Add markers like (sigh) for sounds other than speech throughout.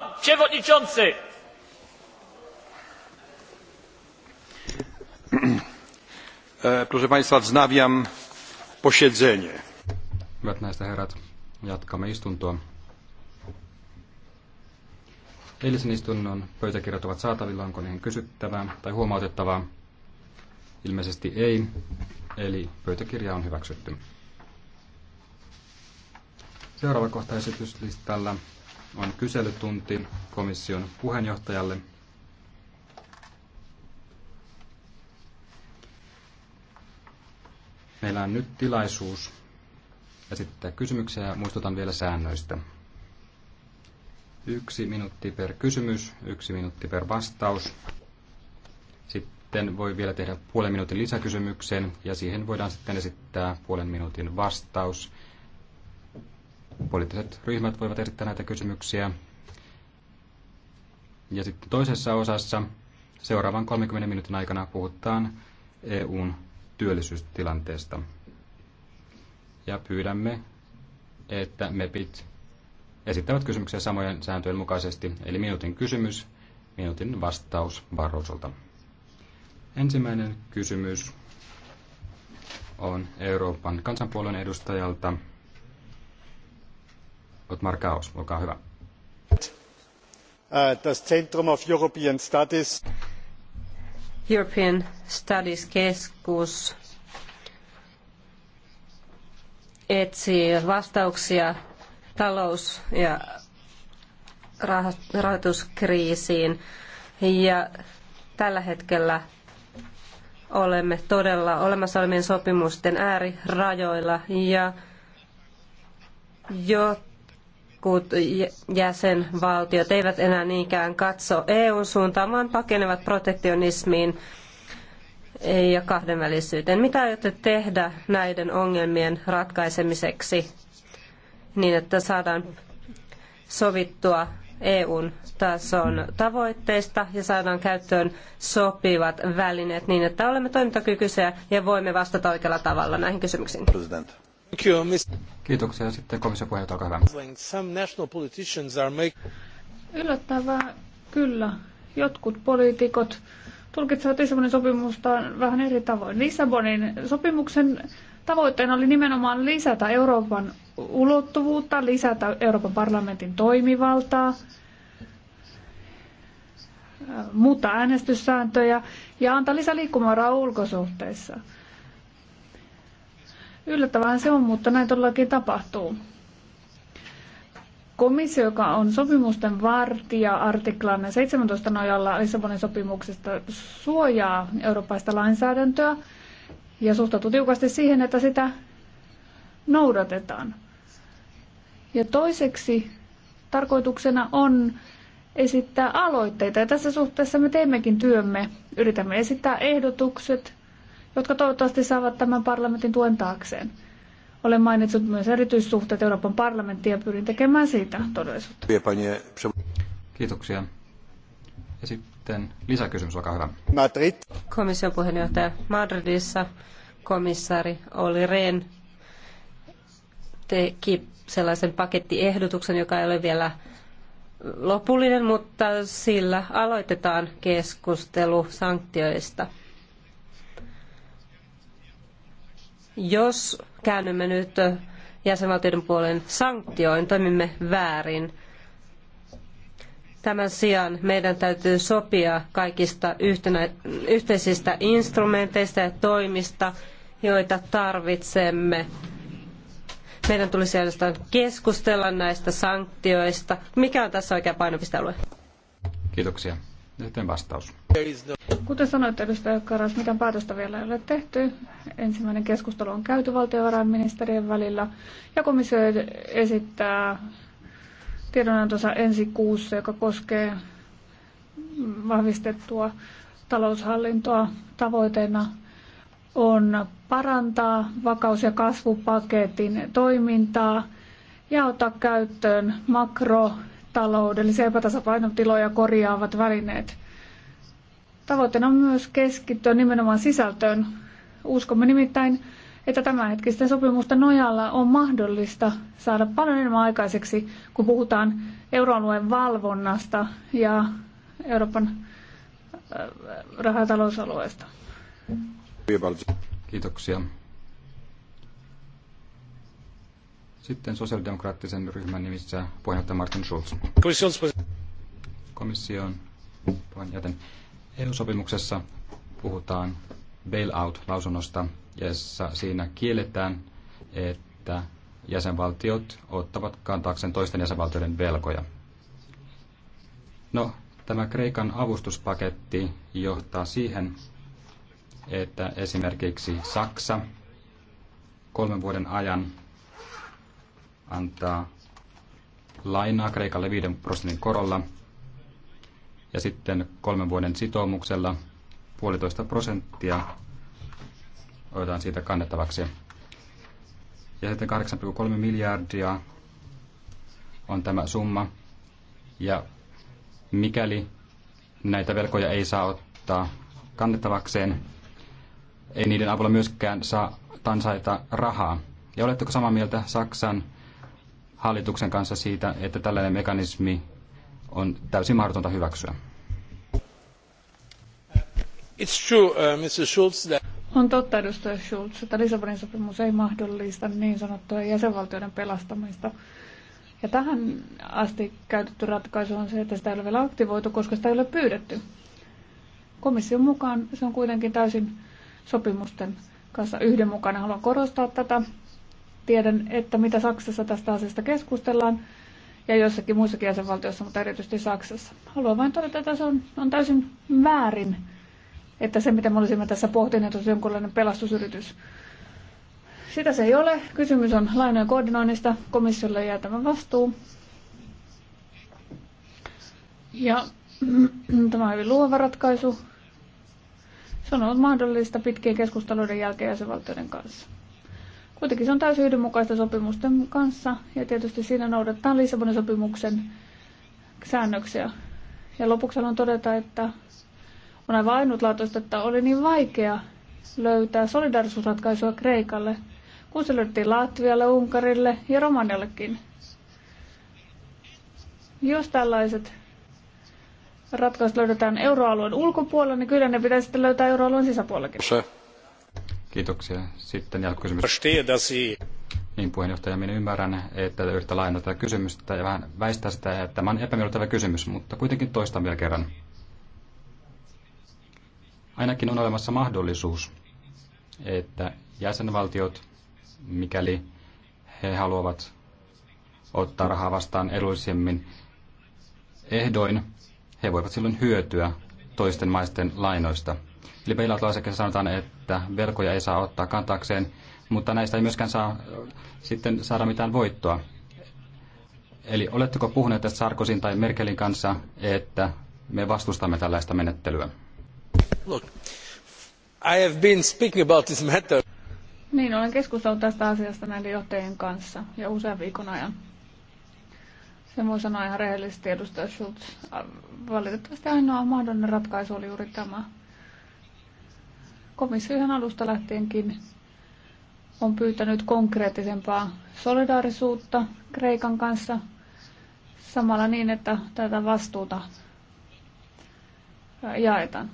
Pan przewodniczący! E, proszę Państwa, wznawiam posiedzenie. Hyvät näistä herrat, jatkamme istuntoa. Eilisen istunnon pöytäkirjat ovat saatavilla, onko niihin kysyttävää tai huomautettavaa? Ilmeisesti ei, eli pöytäkirja on hyväksytty. Seuraava kohta esityslistalla on kyselytunti komission puheenjohtajalle. Meillä on nyt tilaisuus esittää kysymyksiä ja muistutan vielä säännöistä. Yksi minuutti per kysymys, yksi minuutti per vastaus. Sitten voi vielä tehdä puolen minuutin lisäkysymyksen ja siihen voidaan sitten esittää puolen minuutin vastaus poliittiset ryhmät voivat esittää näitä kysymyksiä. Ja sitten toisessa osassa seuraavan 30 minuutin aikana puhutaan EUn työllisyystilanteesta. Ja pyydämme, että MEPit esittävät kysymyksiä samojen sääntöjen mukaisesti, eli minuutin kysymys, minuutin vastaus Barrosolta. Ensimmäinen kysymys on Euroopan kansanpuolueen edustajalta Otmar Kaos, olkaa hyvä. Äh, das Centrum of European Studies. European Studies keskus etsii vastauksia talous- ja rahoituskriisiin. Ja tällä hetkellä olemme todella olemassa olevien sopimusten äärirajoilla. Ja jotta jotkut jäsenvaltiot eivät enää niinkään katso EUn suuntaan, vaan pakenevat protektionismiin ja kahdenvälisyyteen. Mitä aiotte tehdä näiden ongelmien ratkaisemiseksi niin, että saadaan sovittua EUn tason tavoitteista ja saadaan käyttöön sopivat välineet niin, että olemme toimintakykyisiä ja voimme vastata oikealla tavalla näihin kysymyksiin? President. Kiitoksia. Sitten komission puheenjohtaja, olkaa hyvä. Yllättävää kyllä. Jotkut poliitikot tulkitsevat Lissabonin sopimusta vähän eri tavoin. Lissabonin sopimuksen tavoitteena oli nimenomaan lisätä Euroopan ulottuvuutta, lisätä Euroopan parlamentin toimivaltaa, äh, muuttaa äänestyssääntöjä ja antaa lisää liikkumavaraa ulkosuhteissa – Yllättävää se on, mutta näin todellakin tapahtuu. Komissio, joka on sopimusten vartija artiklan 17 nojalla Lissabonin sopimuksesta, suojaa eurooppaista lainsäädäntöä ja suhtautuu tiukasti siihen, että sitä noudatetaan. Ja toiseksi tarkoituksena on esittää aloitteita. Ja tässä suhteessa me teemmekin työmme. Yritämme esittää ehdotukset jotka toivottavasti saavat tämän parlamentin tuen taakseen. Olen mainitsut myös erityissuhteet Euroopan parlamenttiin ja pyrin tekemään siitä todellisuutta. Kiitoksia. Ja sitten lisäkysymys, olkaa hyvä. Madrid. Komission puheenjohtaja Madridissa komissaari Olli Rehn teki sellaisen pakettiehdotuksen, joka ei ole vielä lopullinen, mutta sillä aloitetaan keskustelu sanktioista – Jos käännymme nyt jäsenvaltioiden puolen sanktioin, toimimme väärin. Tämän sijaan meidän täytyy sopia kaikista yhtenä, yhteisistä instrumenteista ja toimista, joita tarvitsemme. Meidän tulisi ainoastaan keskustella näistä sanktioista. Mikä on tässä oikea painopistealue? Kiitoksia. Sitten vastaus. Kuten sanoit, edustaja Karas, mitään päätöstä vielä ei ole tehty. Ensimmäinen keskustelu on käyty valtiovarainministerien välillä ja komissio esittää tiedonantonsa ensi kuussa, joka koskee vahvistettua taloushallintoa. Tavoitteena on parantaa vakaus- ja kasvupaketin toimintaa ja ottaa käyttöön makro- taloudellisia epätasapainotiloja korjaavat välineet. Tavoitteena on myös keskittyä nimenomaan sisältöön. Uskomme nimittäin, että tämänhetkisten sopimusten nojalla on mahdollista saada paljon enemmän aikaiseksi, kun puhutaan euroalueen valvonnasta ja Euroopan äh, rahatalousalueesta. Kiitoksia. Sitten sosiaalidemokraattisen ryhmän nimissä puheenjohtaja Martin Schulz. Komission puheenjohtajan EU-sopimuksessa puhutaan bailout-lausunnosta, jossa siinä kielletään, että jäsenvaltiot ottavat kantaakseen toisten jäsenvaltioiden velkoja. No, tämä Kreikan avustuspaketti johtaa siihen, että esimerkiksi Saksa kolmen vuoden ajan antaa lainaa Kreikalle 5 prosentin korolla ja sitten kolmen vuoden sitoumuksella puolitoista prosenttia otetaan siitä kannettavaksi. Ja sitten 8,3 miljardia on tämä summa. Ja mikäli näitä velkoja ei saa ottaa kannettavakseen, ei niiden avulla myöskään saa tansaita rahaa. Ja oletteko samaa mieltä Saksan hallituksen kanssa siitä, että tällainen mekanismi on täysin mahdotonta hyväksyä. It's true, uh, Mr. Schultz, that... On totta, edustaja Schulz, että Lisabonin sopimus ei mahdollista niin sanottua jäsenvaltioiden pelastamista. Ja tähän asti käytetty ratkaisu on se, että sitä ei ole vielä aktivoitu, koska sitä ei ole pyydetty. Komission mukaan se on kuitenkin täysin sopimusten kanssa yhdenmukainen. Haluan korostaa tätä. Tiedän, että mitä Saksassa tästä asiasta keskustellaan ja jossakin muissakin jäsenvaltioissa, mutta erityisesti Saksassa. Haluan vain todeta, että se on, on täysin väärin, että se mitä me olisimme tässä pohtineet on jonkunlainen pelastusyritys. Sitä se ei ole. Kysymys on lainojen koordinoinnista. Komissiolle jää tämä vastuu. Ja (clears throat) tämä on hyvin luova ratkaisu. Se on ollut mahdollista pitkien keskusteluiden jälkeen jäsenvaltioiden kanssa. Kuitenkin se on täysin yhdenmukaista sopimusten kanssa ja tietysti siinä noudattaa Lissabonin sopimuksen säännöksiä. Ja lopuksi haluan todeta, että on aivan ainutlaatuista, että oli niin vaikea löytää solidarisuusratkaisua Kreikalle, kun se löydettiin Latvialle, Unkarille ja Romaniallekin. Jos tällaiset ratkaisut löydetään euroalueen ulkopuolella, niin kyllä ne pitäisi sitten löytää euroalueen sisäpuolellakin. Kiitoksia. Sitten jatkokysymys. Niin puheenjohtaja, minä ymmärrän, että yhtä laajana tätä kysymystä ja vähän väistää sitä, että tämä on epämiellyttävä kysymys, mutta kuitenkin toistan vielä kerran. Ainakin on olemassa mahdollisuus, että jäsenvaltiot, mikäli he haluavat ottaa rahaa vastaan edullisemmin ehdoin, he voivat silloin hyötyä toisten maisten lainoista. Eli peilautuasekin sanotaan, että että velkoja ei saa ottaa kantakseen, mutta näistä ei myöskään saa sitten saada mitään voittoa. Eli oletteko puhuneet tästä Sarkosin tai Merkelin kanssa, että me vastustamme tällaista menettelyä? Look, I have been speaking about this matter. Niin, olen keskustellut tästä asiasta näiden johtajien kanssa ja usean viikon ajan. Se voi sanoa ihan rehellisesti edustaja Schultz. Valitettavasti ainoa mahdollinen ratkaisu oli juuri tämä komissio ihan alusta lähtienkin on pyytänyt konkreettisempaa solidaarisuutta Kreikan kanssa samalla niin, että tätä vastuuta jaetaan.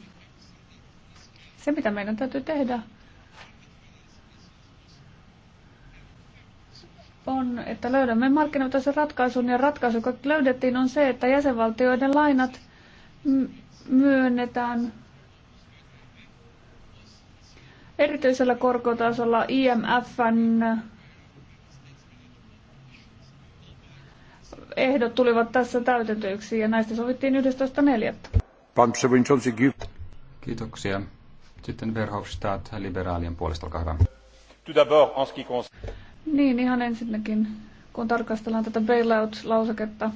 Se, mitä meidän täytyy tehdä, on, että löydämme markkinoitaisen ratkaisun, ja ratkaisu, joka löydettiin, on se, että jäsenvaltioiden lainat myönnetään erityisellä korkotasolla IMFn ehdot tulivat tässä täytetyiksi ja näistä sovittiin 11.4. Kiitoksia. Sitten Verhofstadt liberaalien puolesta, olkaa hyvä. Niin, ihan ensinnäkin, kun tarkastellaan tätä bailout-lauseketta,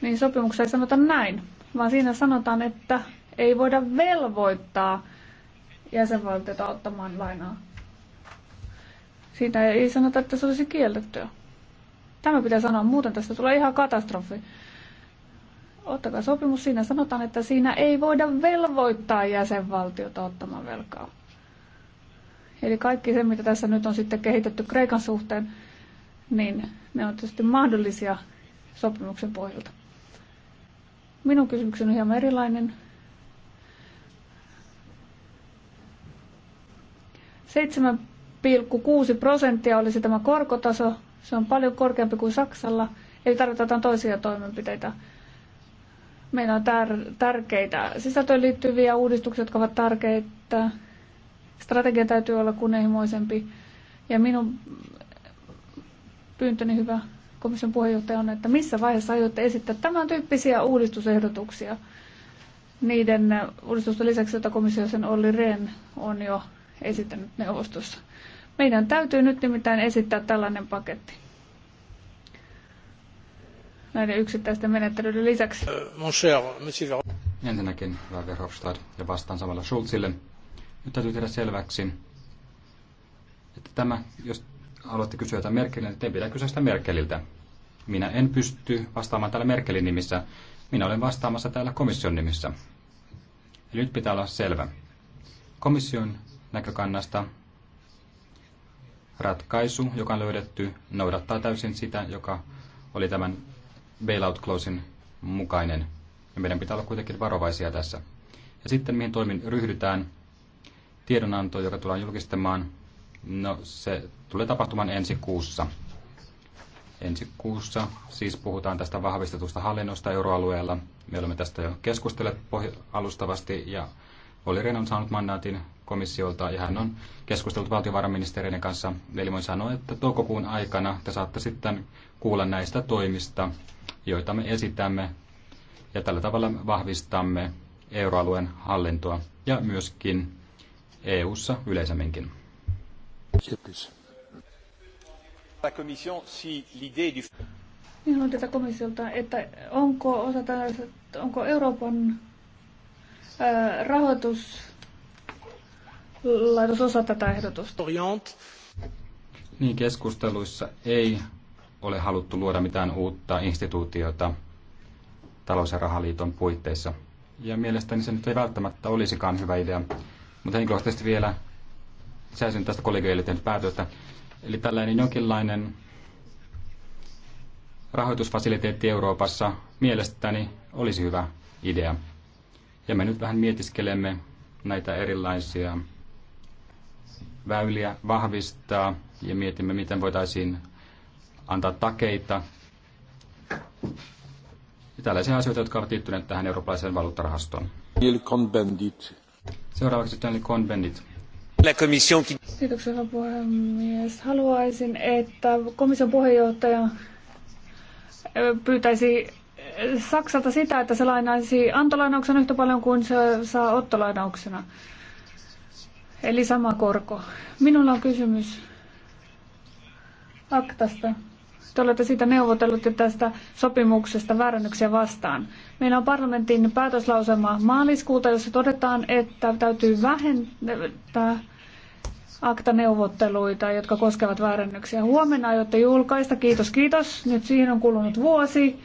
niin sopimuksessa ei sanota näin, vaan siinä sanotaan, että ei voida velvoittaa jäsenvaltiota ottamaan lainaa. Siitä ei sanota, että se olisi kiellettyä. Tämä pitää sanoa, muuten tästä tulee ihan katastrofi. Ottakaa sopimus, siinä sanotaan, että siinä ei voida velvoittaa jäsenvaltiota ottamaan velkaa. Eli kaikki se, mitä tässä nyt on sitten kehitetty Kreikan suhteen, niin ne on tietysti mahdollisia sopimuksen pohjalta. Minun kysymykseni on hieman erilainen. 7,6 prosenttia olisi tämä korkotaso. Se on paljon korkeampi kuin Saksalla, eli tarvitaan toisia toimenpiteitä. Meillä on tär- tärkeitä sisältöön liittyviä uudistuksia, jotka ovat tärkeitä. Strategia täytyy olla kunnianhimoisempi. Ja minun pyyntöni hyvä komission puheenjohtaja on, että missä vaiheessa aiotte esittää tämän tyyppisiä uudistusehdotuksia niiden uudistusten lisäksi, joita komissio sen Olli Rehn on jo esittänyt neuvostossa. Meidän täytyy nyt nimittäin esittää tällainen paketti näiden yksittäisten menettelyiden lisäksi. Äh, Ensinnäkin, Verhofstadt, ja vastaan samalla Schulzille. Nyt täytyy tehdä selväksi, että tämä, jos haluatte kysyä jotain Merkeliltä, niin teidän pitää kysyä sitä Merkeliltä. Minä en pysty vastaamaan täällä Merkelin nimissä. Minä olen vastaamassa täällä komission nimissä. Eli nyt pitää olla selvä. Komission näkökannasta ratkaisu, joka on löydetty, noudattaa täysin sitä, joka oli tämän bailout clausein mukainen. Ja meidän pitää olla kuitenkin varovaisia tässä. Ja sitten mihin toimin ryhdytään, tiedonanto, joka tullaan julkistamaan, no se tulee tapahtumaan ensi kuussa. Ensi kuussa siis puhutaan tästä vahvistetusta hallinnosta euroalueella. Me olemme tästä jo keskustelleet alustavasti ja oli on saanut mandaatin komissiolta ja hän on keskustellut valtiovarainministeriön kanssa. Eli voin sanoa, että toukokuun aikana te saatte sitten kuulla näistä toimista, joita me esitämme ja tällä tavalla vahvistamme euroalueen hallintoa ja myöskin EU-ssa yleisemminkin. Minulla on tätä komissiolta, että onko, osa onko Euroopan rahoitus osa tätä ehdotusta. Niin, keskusteluissa ei ole haluttu luoda mitään uutta instituutiota talous- ja rahaliiton puitteissa. Ja mielestäni se nyt ei välttämättä olisikaan hyvä idea. Mutta henkilökohtaisesti vielä säisin tästä kollegioille tehnyt päätöstä. Eli tällainen jonkinlainen rahoitusfasiliteetti Euroopassa mielestäni olisi hyvä idea. Ja me nyt vähän mietiskelemme näitä erilaisia väyliä vahvistaa ja mietimme, miten voitaisiin antaa takeita. Ja tällaisia asioita, jotka ovat liittyneet tähän eurooppalaiseen valuuttarahastoon. Seuraavaksi Daniel Cohn-Bendit. Kiitoksia, herra puhemies. Haluaisin, että komission puheenjohtaja pyytäisi Saksalta sitä, että se lainaisi antolainauksena yhtä paljon kuin se saa ottolainauksena. Eli sama korko. Minulla on kysymys aktasta. Te olette siitä neuvotellut jo tästä sopimuksesta väärännyksiä vastaan. Meillä on parlamentin päätöslausema maaliskuuta, jossa todetaan, että täytyy vähentää aktaneuvotteluita, jotka koskevat väärännyksiä. Huomenna aiotte julkaista. Kiitos, kiitos. Nyt siihen on kulunut vuosi.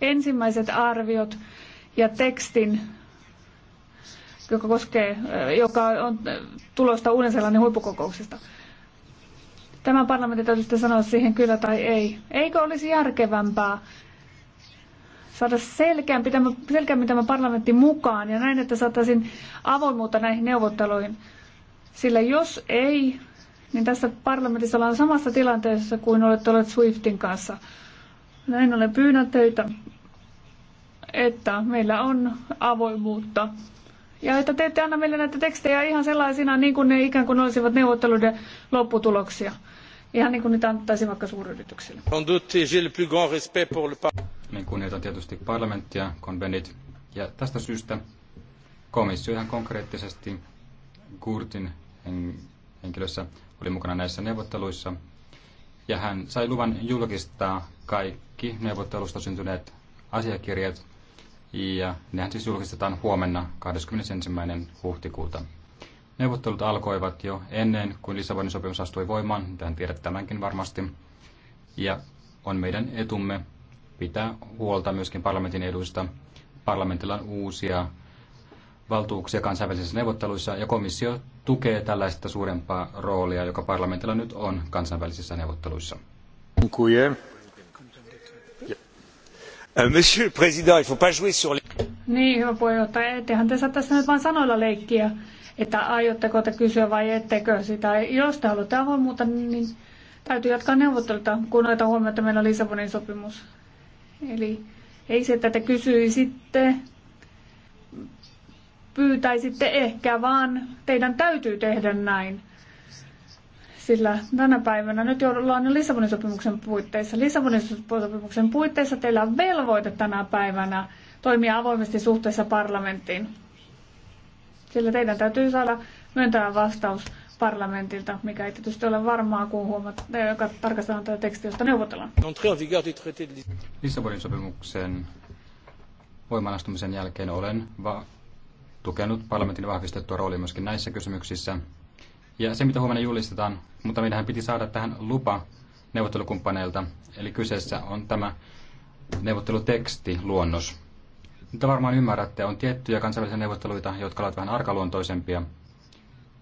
Ensimmäiset arviot ja tekstin joka, koskee, joka on tulosta Uuden-Seelannin huippukokouksesta. Tämän parlamentin täytyy sanoa siihen kyllä tai ei. Eikö olisi järkevämpää saada selkeämpi tämä, selkeämpi tämä parlamentti mukaan ja näin, että saataisiin avoimuutta näihin neuvotteluihin. Sillä jos ei, niin tässä parlamentissa ollaan samassa tilanteessa kuin olette olleet Swiftin kanssa. Näin olen pyynnä teitä, että meillä on avoimuutta ja että te ette anna meille näitä tekstejä ihan sellaisina, niin kuin ne ikään kuin olisivat neuvotteluiden lopputuloksia. Ihan niin kuin niitä antaisi vaikka suuryrityksille. Niin kunnioitan tietysti parlamenttia, konvenit. Ja tästä syystä komissio ihan konkreettisesti Kurtin henkilössä oli mukana näissä neuvotteluissa. Ja hän sai luvan julkistaa kaikki neuvottelusta syntyneet asiakirjat ja nehän siis julkistetaan huomenna 21. huhtikuuta. Neuvottelut alkoivat jo ennen kuin Lissabonin sopimus astui voimaan, tähän tiedät tämänkin varmasti, ja on meidän etumme pitää huolta myöskin parlamentin eduista. Parlamentilla on uusia valtuuksia kansainvälisissä neuvotteluissa ja komissio tukee tällaista suurempaa roolia, joka parlamentilla nyt on kansainvälisissä neuvotteluissa. Kujen. Euh, monsieur le Président, il faut pas jouer sur les... Niin, hyvä puheenjohtaja. Ettehän te saa tässä nyt vain sanoilla leikkiä, että aiotteko te kysyä vai ettekö sitä. Jos te haluatte avoimuutta, niin täytyy jatkaa neuvotteluita, kun noita huomioon, että meillä on Lissabonin sopimus. Eli ei se, että te kysyisitte, pyytäisitte ehkä, vaan teidän täytyy tehdä näin. Sillä tänä päivänä nyt ollaan jo Lissabonin sopimuksen puitteissa. Lissabonin sopimuksen puitteissa teillä on velvoite tänä päivänä toimia avoimesti suhteessa parlamenttiin. Sillä teidän täytyy saada myöntävä vastaus parlamentilta, mikä ei tietysti ole varmaa, kun huomat, äh, joka tarkastetaan tätä tekstiä, josta neuvotellaan. Lissabonin sopimuksen voimaanastumisen jälkeen olen va- tukenut parlamentin vahvistettua roolia myöskin näissä kysymyksissä, ja se, mitä huomenna julistetaan, mutta meidän piti saada tähän lupa neuvottelukumppaneilta. Eli kyseessä on tämä neuvotteluteksti, luonnos. Mitä varmaan ymmärrätte, on tiettyjä kansainvälisiä neuvotteluita, jotka ovat vähän arkaluontoisempia.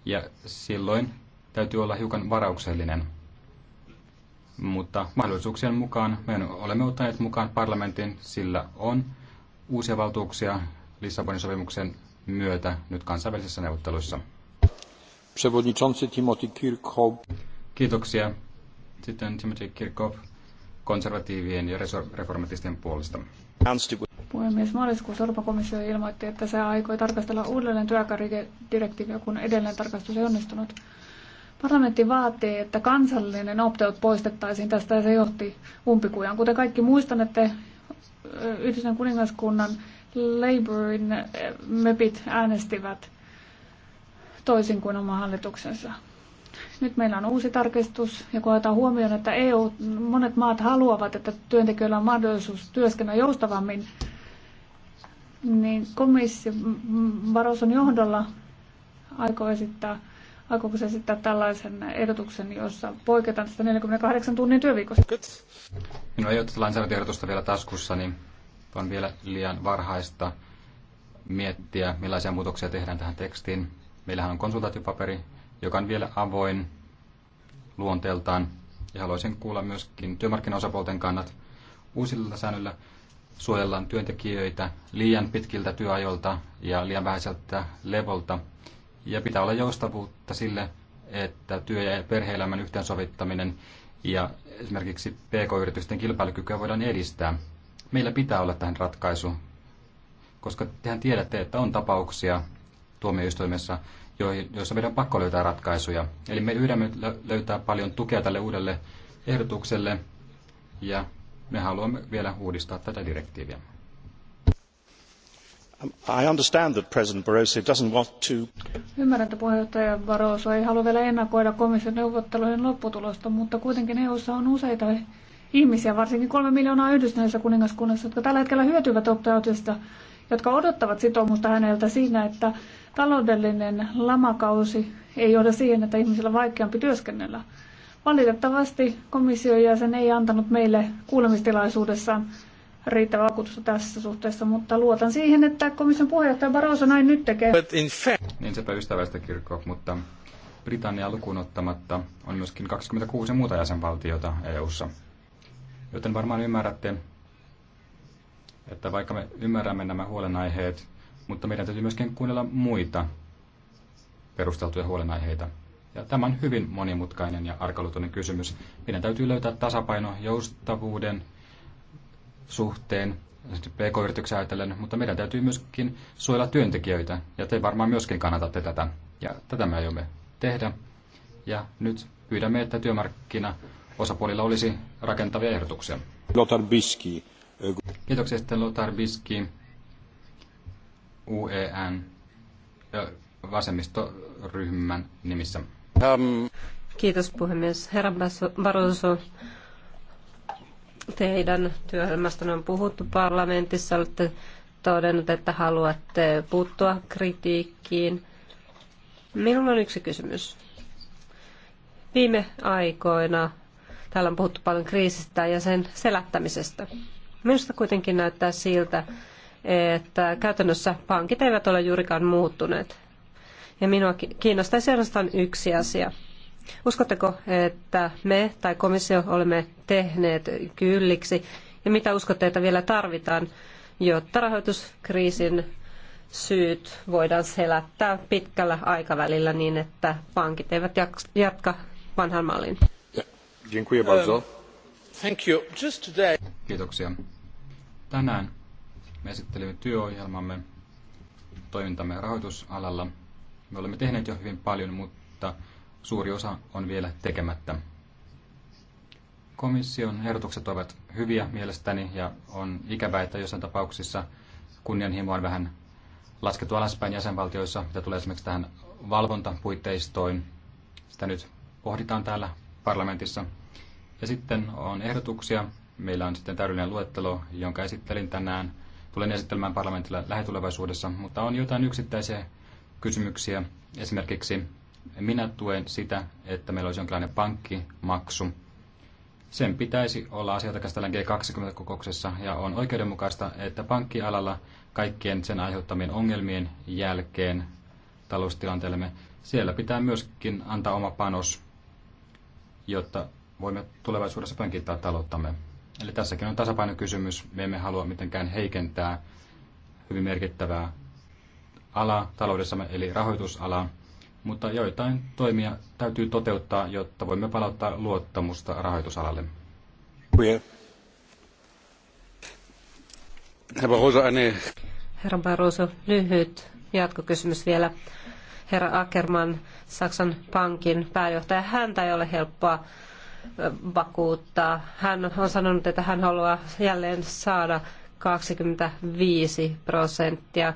Ja silloin täytyy olla hiukan varauksellinen. Mutta mahdollisuuksien mukaan me olemme ottaneet mukaan parlamentin, sillä on uusia valtuuksia Lissabonin sopimuksen myötä nyt kansainvälisissä neuvotteluissa przewodniczący Timothy Kirkhope. Kiitoksia. Sitten Timothy Kirkhope konservatiivien ja reformatisten puolesta. Puhemies, maaliskuussa Euroopan komissio ilmoitti, että se aikoi tarkastella uudelleen työaikadirektiiviä, kun edellinen tarkastus ei onnistunut. Parlamentti vaatii, että kansallinen opteot poistettaisiin tästä ja se johti umpikujaan. Kuten kaikki muistanette, Yhdistyneen kuningaskunnan Labourin mepit äänestivät toisin kuin oma hallituksensa. Nyt meillä on uusi tarkistus, ja kun otetaan huomioon, että EU, monet maat haluavat, että työntekijöillä on mahdollisuus työskennellä joustavammin, niin komissio Varoson johdolla aikoo esittää, aikooko se esittää tällaisen ehdotuksen, jossa poiketaan tästä 48 tunnin työviikosta? Minulla ei ole tätä lainsäädäntöehdotusta vielä taskussa, niin on vielä liian varhaista miettiä, millaisia muutoksia tehdään tähän tekstiin. Meillähän on konsultaatiopaperi, joka on vielä avoin luonteeltaan. Ja haluaisin kuulla myöskin työmarkkinaosapuolten kannat. Uusilla säännöillä suojellaan työntekijöitä liian pitkiltä työajolta ja liian vähäiseltä levolta. Ja pitää olla joustavuutta sille, että työ- ja perhe-elämän yhteensovittaminen ja esimerkiksi PK-yritysten kilpailukykyä voidaan edistää. Meillä pitää olla tähän ratkaisu, koska tehän tiedätte, että on tapauksia tuomioistuimessa, joissa meidän on pakko löytää ratkaisuja. Eli me yhdämme löytää paljon tukea tälle uudelle ehdotukselle ja me haluamme vielä uudistaa tätä direktiiviä. Um, I understand that President Barroso doesn't want to... Ymmärrän, että puheenjohtaja Barroso ei halua vielä ennakoida komission neuvottelujen lopputulosta, mutta kuitenkin EU:ssa on useita ihmisiä, varsinkin kolme miljoonaa yhdistyneessä kuningaskunnassa, jotka tällä hetkellä hyötyvät opt jotka odottavat sitoumusta häneltä siinä, että Taloudellinen lamakausi ei johda siihen, että ihmisillä on vaikeampi työskennellä. Valitettavasti komission jäsen ei antanut meille kuulemistilaisuudessaan riittävää vakuutusta tässä suhteessa, mutta luotan siihen, että komission puheenjohtaja Barroso näin nyt tekee. But in fact... Niin sepä ystävästä kirkko, mutta Britannia lukuun ottamatta on myöskin 26 muuta jäsenvaltiota EU-ssa. Joten varmaan ymmärrätte, että vaikka me ymmärrämme nämä huolenaiheet, mutta meidän täytyy myöskin kuunnella muita perusteltuja huolenaiheita. Ja tämä on hyvin monimutkainen ja arkaluutoinen kysymys. Meidän täytyy löytää tasapaino joustavuuden suhteen, pk yrityksen ajatellen, mutta meidän täytyy myöskin suojella työntekijöitä, ja te varmaan myöskin kannatatte tätä. Ja tätä me aiomme tehdä. Ja nyt pyydämme, että työmarkkina osapuolilla olisi rakentavia ehdotuksia. Lothar Biski. Kiitoksia sitten Lothar Biski UEN ja vasemmistoryhmän nimissä. Ähm. Kiitos puhemies. Herra Barroso, teidän työelämästä on puhuttu parlamentissa. Olette todennut, että haluatte puuttua kritiikkiin. Minulla on yksi kysymys. Viime aikoina täällä on puhuttu paljon kriisistä ja sen selättämisestä. Minusta kuitenkin näyttää siltä, että käytännössä pankit eivät ole juurikaan muuttuneet. Ja minua kiinnostaisi ainoastaan yksi asia. Uskotteko, että me tai komissio olemme tehneet kylliksi? Ja mitä uskotte, että vielä tarvitaan, jotta rahoituskriisin syyt voidaan selättää pitkällä aikavälillä niin, että pankit eivät jatka vanhan mallin? Um, Kiitoksia. Tänään me esittelimme työohjelmamme toimintamme rahoitusalalla. Me olemme tehneet jo hyvin paljon, mutta suuri osa on vielä tekemättä. Komission ehdotukset ovat hyviä mielestäni ja on ikävää, että jossain tapauksissa kunnianhimo on vähän laskettu alaspäin jäsenvaltioissa, mitä tulee esimerkiksi tähän valvontapuitteistoin. Sitä nyt pohditaan täällä parlamentissa. Ja sitten on ehdotuksia. Meillä on sitten täydellinen luettelo, jonka esittelin tänään – tulen esittelemään parlamentilla lähitulevaisuudessa, mutta on jotain yksittäisiä kysymyksiä. Esimerkiksi minä tuen sitä, että meillä olisi jonkinlainen pankkimaksu. Sen pitäisi olla asia, käsitellään G20-kokouksessa ja on oikeudenmukaista, että pankkialalla kaikkien sen aiheuttamien ongelmien jälkeen taloustilanteellemme siellä pitää myöskin antaa oma panos, jotta voimme tulevaisuudessa pankittaa talouttamme. Eli tässäkin on tasapainokysymys. Me emme halua mitenkään heikentää hyvin merkittävää alaa taloudessamme, eli rahoitusalaa, mutta joitain toimia täytyy toteuttaa, jotta voimme palauttaa luottamusta rahoitusalalle. Herra Barroso, lyhyt jatkokysymys vielä. Herra Ackerman, Saksan pankin pääjohtaja, häntä ei ole helppoa vakuuttaa. Hän on sanonut, että hän haluaa jälleen saada 25 prosenttia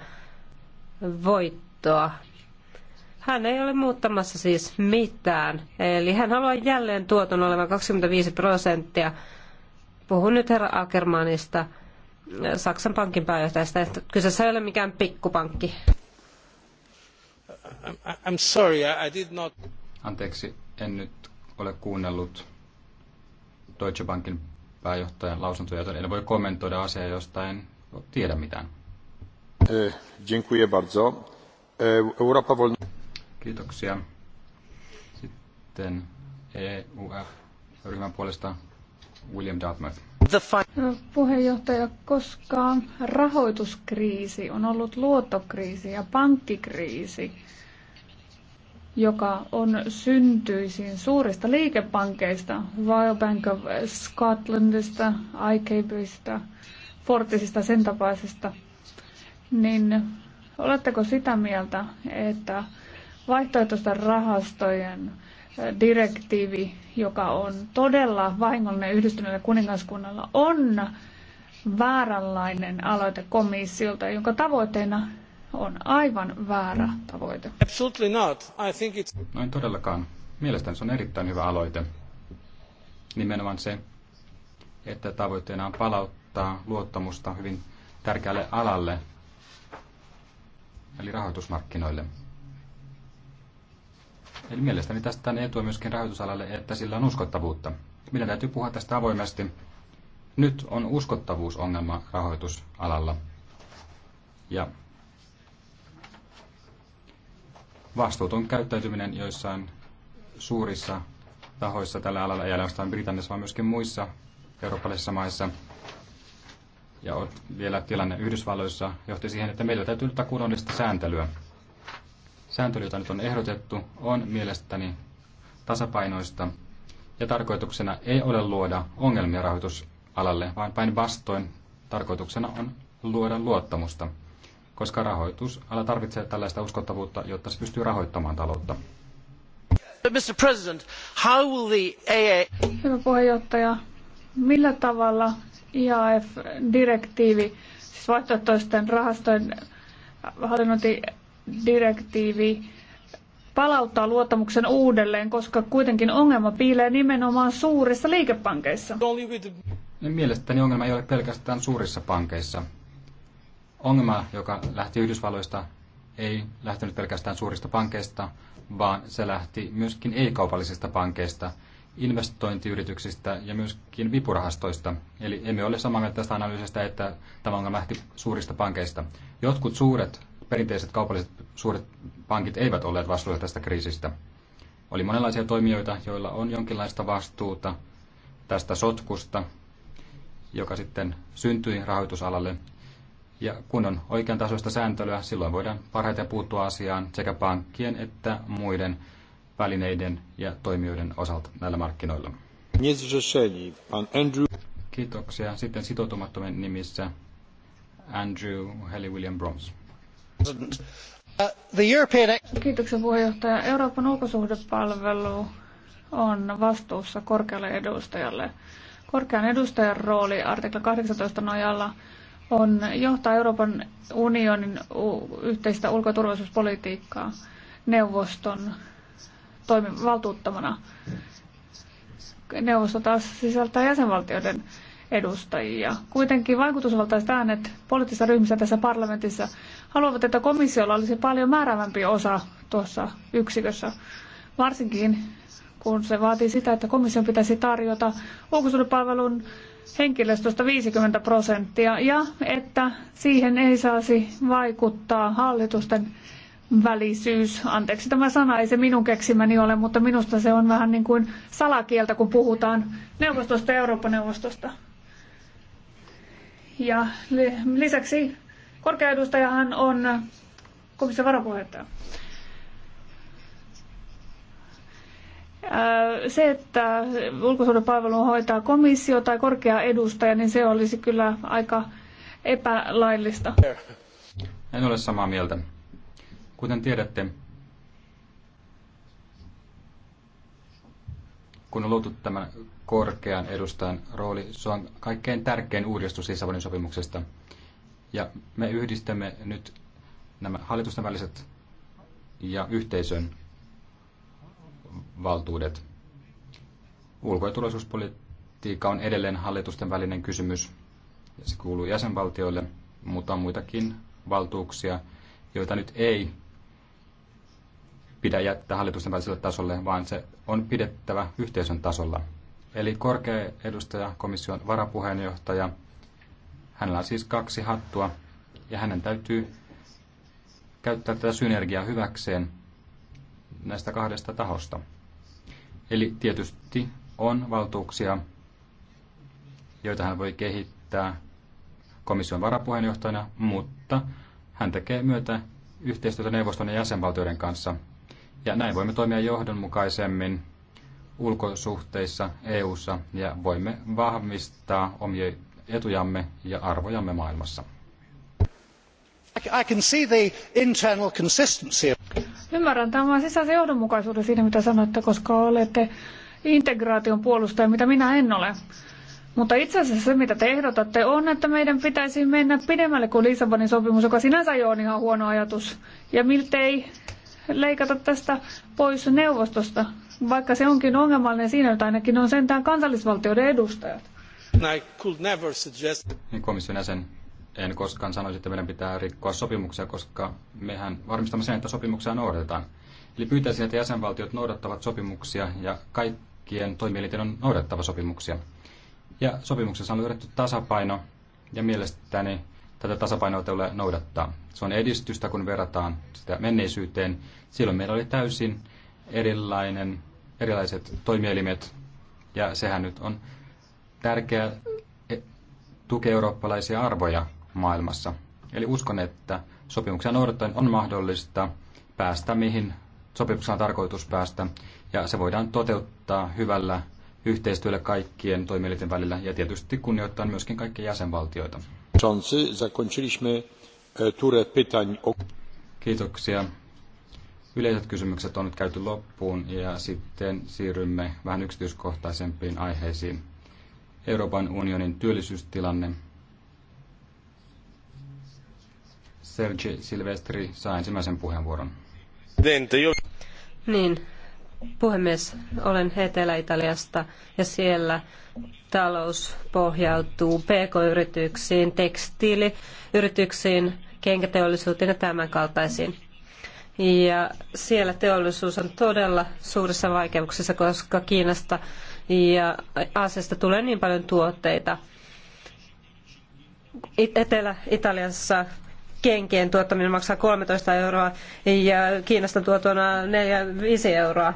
voittoa. Hän ei ole muuttamassa siis mitään. Eli hän haluaa jälleen tuoton olevan 25 prosenttia. Puhun nyt herra Ackermanista, Saksan pankin pääjohtajasta. Kyseessä ei ole mikään pikkupankki. I'm sorry, I did not... Anteeksi, en nyt ole kuunnellut Deutsche Bankin pääjohtajan lausuntoja, joten en voi kommentoida asiaa, josta en tiedä mitään. E, dziękuję bardzo. E, Europa Kiitoksia. Sitten EUF-ryhmän puolesta William Dartmouth. No, puheenjohtaja, koska rahoituskriisi on ollut luottokriisi ja pankkikriisi, joka on syntyisin suurista liikepankeista, Royal Bank of Scotlandista, IKBista, Fortisista, sen tapaisista, niin oletteko sitä mieltä, että vaihtoehtoisten rahastojen direktiivi, joka on todella vahingollinen yhdistyneelle kuningaskunnalle, on vääränlainen aloite komissiolta, jonka tavoitteena on aivan väärä tavoite. Absolutely not. I think it's... No en todellakaan. Mielestäni se on erittäin hyvä aloite. Nimenomaan se, että tavoitteena on palauttaa luottamusta hyvin tärkeälle alalle, eli rahoitusmarkkinoille. Eli mielestäni tästä on etua myöskin rahoitusalalle, että sillä on uskottavuutta. Meidän täytyy puhua tästä avoimesti. Nyt on uskottavuusongelma rahoitusalalla. Ja vastuuton käyttäytyminen joissain suurissa tahoissa tällä alalla, ei ainoastaan Britanniassa, vaan myöskin muissa eurooppalaisissa maissa. Ja vielä tilanne Yhdysvalloissa johti siihen, että meillä täytyy nyt kunnollista sääntelyä. Sääntely, jota nyt on ehdotettu, on mielestäni tasapainoista ja tarkoituksena ei ole luoda ongelmia rahoitusalalle, vaan päinvastoin tarkoituksena on luoda luottamusta koska rahoitusala tarvitsee tällaista uskottavuutta, jotta se pystyy rahoittamaan taloutta. Mr. President, Hyvä puheenjohtaja, millä tavalla IAF-direktiivi, siis vaihtoehtoisten rahastojen hallinnointidirektiivi, palauttaa luottamuksen uudelleen, koska kuitenkin ongelma piilee nimenomaan suurissa liikepankeissa. Niin mielestäni ongelma ei ole pelkästään suurissa pankeissa ongelma, joka lähti Yhdysvalloista, ei lähtenyt pelkästään suurista pankeista, vaan se lähti myöskin ei-kaupallisista pankeista, investointiyrityksistä ja myöskin vipurahastoista. Eli emme ole samaa mieltä tästä analyysistä, että tämä ongelma lähti suurista pankeista. Jotkut suuret, perinteiset kaupalliset suuret pankit eivät olleet vastuussa tästä kriisistä. Oli monenlaisia toimijoita, joilla on jonkinlaista vastuuta tästä sotkusta, joka sitten syntyi rahoitusalalle ja kun on oikean tasoista sääntelyä, silloin voidaan parhaiten puuttua asiaan sekä pankkien että muiden välineiden ja toimijoiden osalta näillä markkinoilla. Kiitoksia. Sitten sitoutumattomien nimissä Andrew Helly William Broms. Kiitoksen puheenjohtaja. Euroopan ulkosuhdepalvelu on vastuussa korkealle edustajalle. Korkean edustajan rooli artikla 18 nojalla on johtaa Euroopan unionin yhteistä ulko- ja turvallisuuspolitiikkaa neuvoston toimivaltuuttamana. Neuvosto taas sisältää jäsenvaltioiden edustajia. Kuitenkin vaikutusvaltaiset äänet poliittisissa ryhmissä tässä parlamentissa haluavat, että komissiolla olisi paljon määrävämpi osa tuossa yksikössä, varsinkin kun se vaatii sitä, että komission pitäisi tarjota ulkosuudepalvelun henkilöstöstä 50 prosenttia ja että siihen ei saisi vaikuttaa hallitusten välisyys. Anteeksi tämä sana, ei se minun keksimäni ole, mutta minusta se on vähän niin kuin salakieltä, kun puhutaan neuvostosta ja Eurooppa-neuvostosta. Ja lisäksi korkea edustajahan on komission varapuheenjohtaja. se, että ulkosuhdepalvelu hoitaa komissio tai korkea edustaja, niin se olisi kyllä aika epälaillista. En ole samaa mieltä. Kuten tiedätte, kun on luotu tämän korkean edustajan rooli, se on kaikkein tärkein uudistus Lissabonin sopimuksesta. Ja me yhdistämme nyt nämä hallitusten väliset ja yhteisön valtuudet. Ulko- ja turvallisuuspolitiikka on edelleen hallitusten välinen kysymys ja se kuuluu jäsenvaltioille, mutta on muitakin valtuuksia, joita nyt ei pidä jättää hallitusten väliselle tasolle, vaan se on pidettävä yhteisön tasolla. Eli korkea edustaja, komission varapuheenjohtaja, hänellä on siis kaksi hattua, ja hänen täytyy käyttää tätä synergiaa hyväkseen näistä kahdesta tahosta. Eli tietysti on valtuuksia, joita hän voi kehittää komission varapuheenjohtajana, mutta hän tekee myötä yhteistyötä neuvoston ja jäsenvaltioiden kanssa. Ja näin voimme toimia johdonmukaisemmin ulkosuhteissa EU:ssa ja voimme vahvistaa omia etujamme ja arvojamme maailmassa. I can see the internal consistency. Ymmärrän tämän sisäisen johdonmukaisuuden siinä, mitä sanoitte, koska olette integraation puolustaja, mitä minä en ole. Mutta itse asiassa se, mitä te ehdotatte, on, että meidän pitäisi mennä pidemmälle kuin Lissabonin sopimus, joka sinänsä jo on ihan huono ajatus. Ja miltei leikata tästä pois neuvostosta, vaikka se onkin ongelmallinen siinä, että ainakin on sentään kansallisvaltioiden edustajat. I could never suggest... Niin komission jäsen, en koskaan sanoisi, että meidän pitää rikkoa sopimuksia, koska mehän varmistamme sen, että sopimuksia noudatetaan. Eli pyytäisin, että jäsenvaltiot noudattavat sopimuksia ja kaikkien toimielinten on noudattava sopimuksia. Ja sopimuksessa on löydetty tasapaino ja mielestäni tätä tasapainoa tulee noudattaa. Se on edistystä, kun verrataan sitä menneisyyteen. Silloin meillä oli täysin erilainen, erilaiset toimielimet ja sehän nyt on tärkeää tukea eurooppalaisia arvoja maailmassa. Eli uskon, että sopimuksia noudattaen on mahdollista päästä mihin sopimuksella on tarkoitus päästä, ja se voidaan toteuttaa hyvällä yhteistyöllä kaikkien toimielinten välillä ja tietysti kunnioittaa myöskin kaikkia jäsenvaltioita. E, Kiitoksia. Yleiset kysymykset on nyt käyty loppuun ja sitten siirrymme vähän yksityiskohtaisempiin aiheisiin. Euroopan unionin työllisyystilanne Sergi Silvestri saa ensimmäisen puheenvuoron. Niin, puhemies, olen Etelä-Italiasta ja siellä talous pohjautuu pk-yrityksiin, tekstiiliyrityksiin, kenkäteollisuuteen ja tämän kaltaisiin. Ja siellä teollisuus on todella suurissa vaikeuksissa, koska Kiinasta ja Aasiasta tulee niin paljon tuotteita. Etelä-Italiassa kenkien tuottaminen maksaa 13 euroa ja Kiinasta tuotuna 4-5 euroa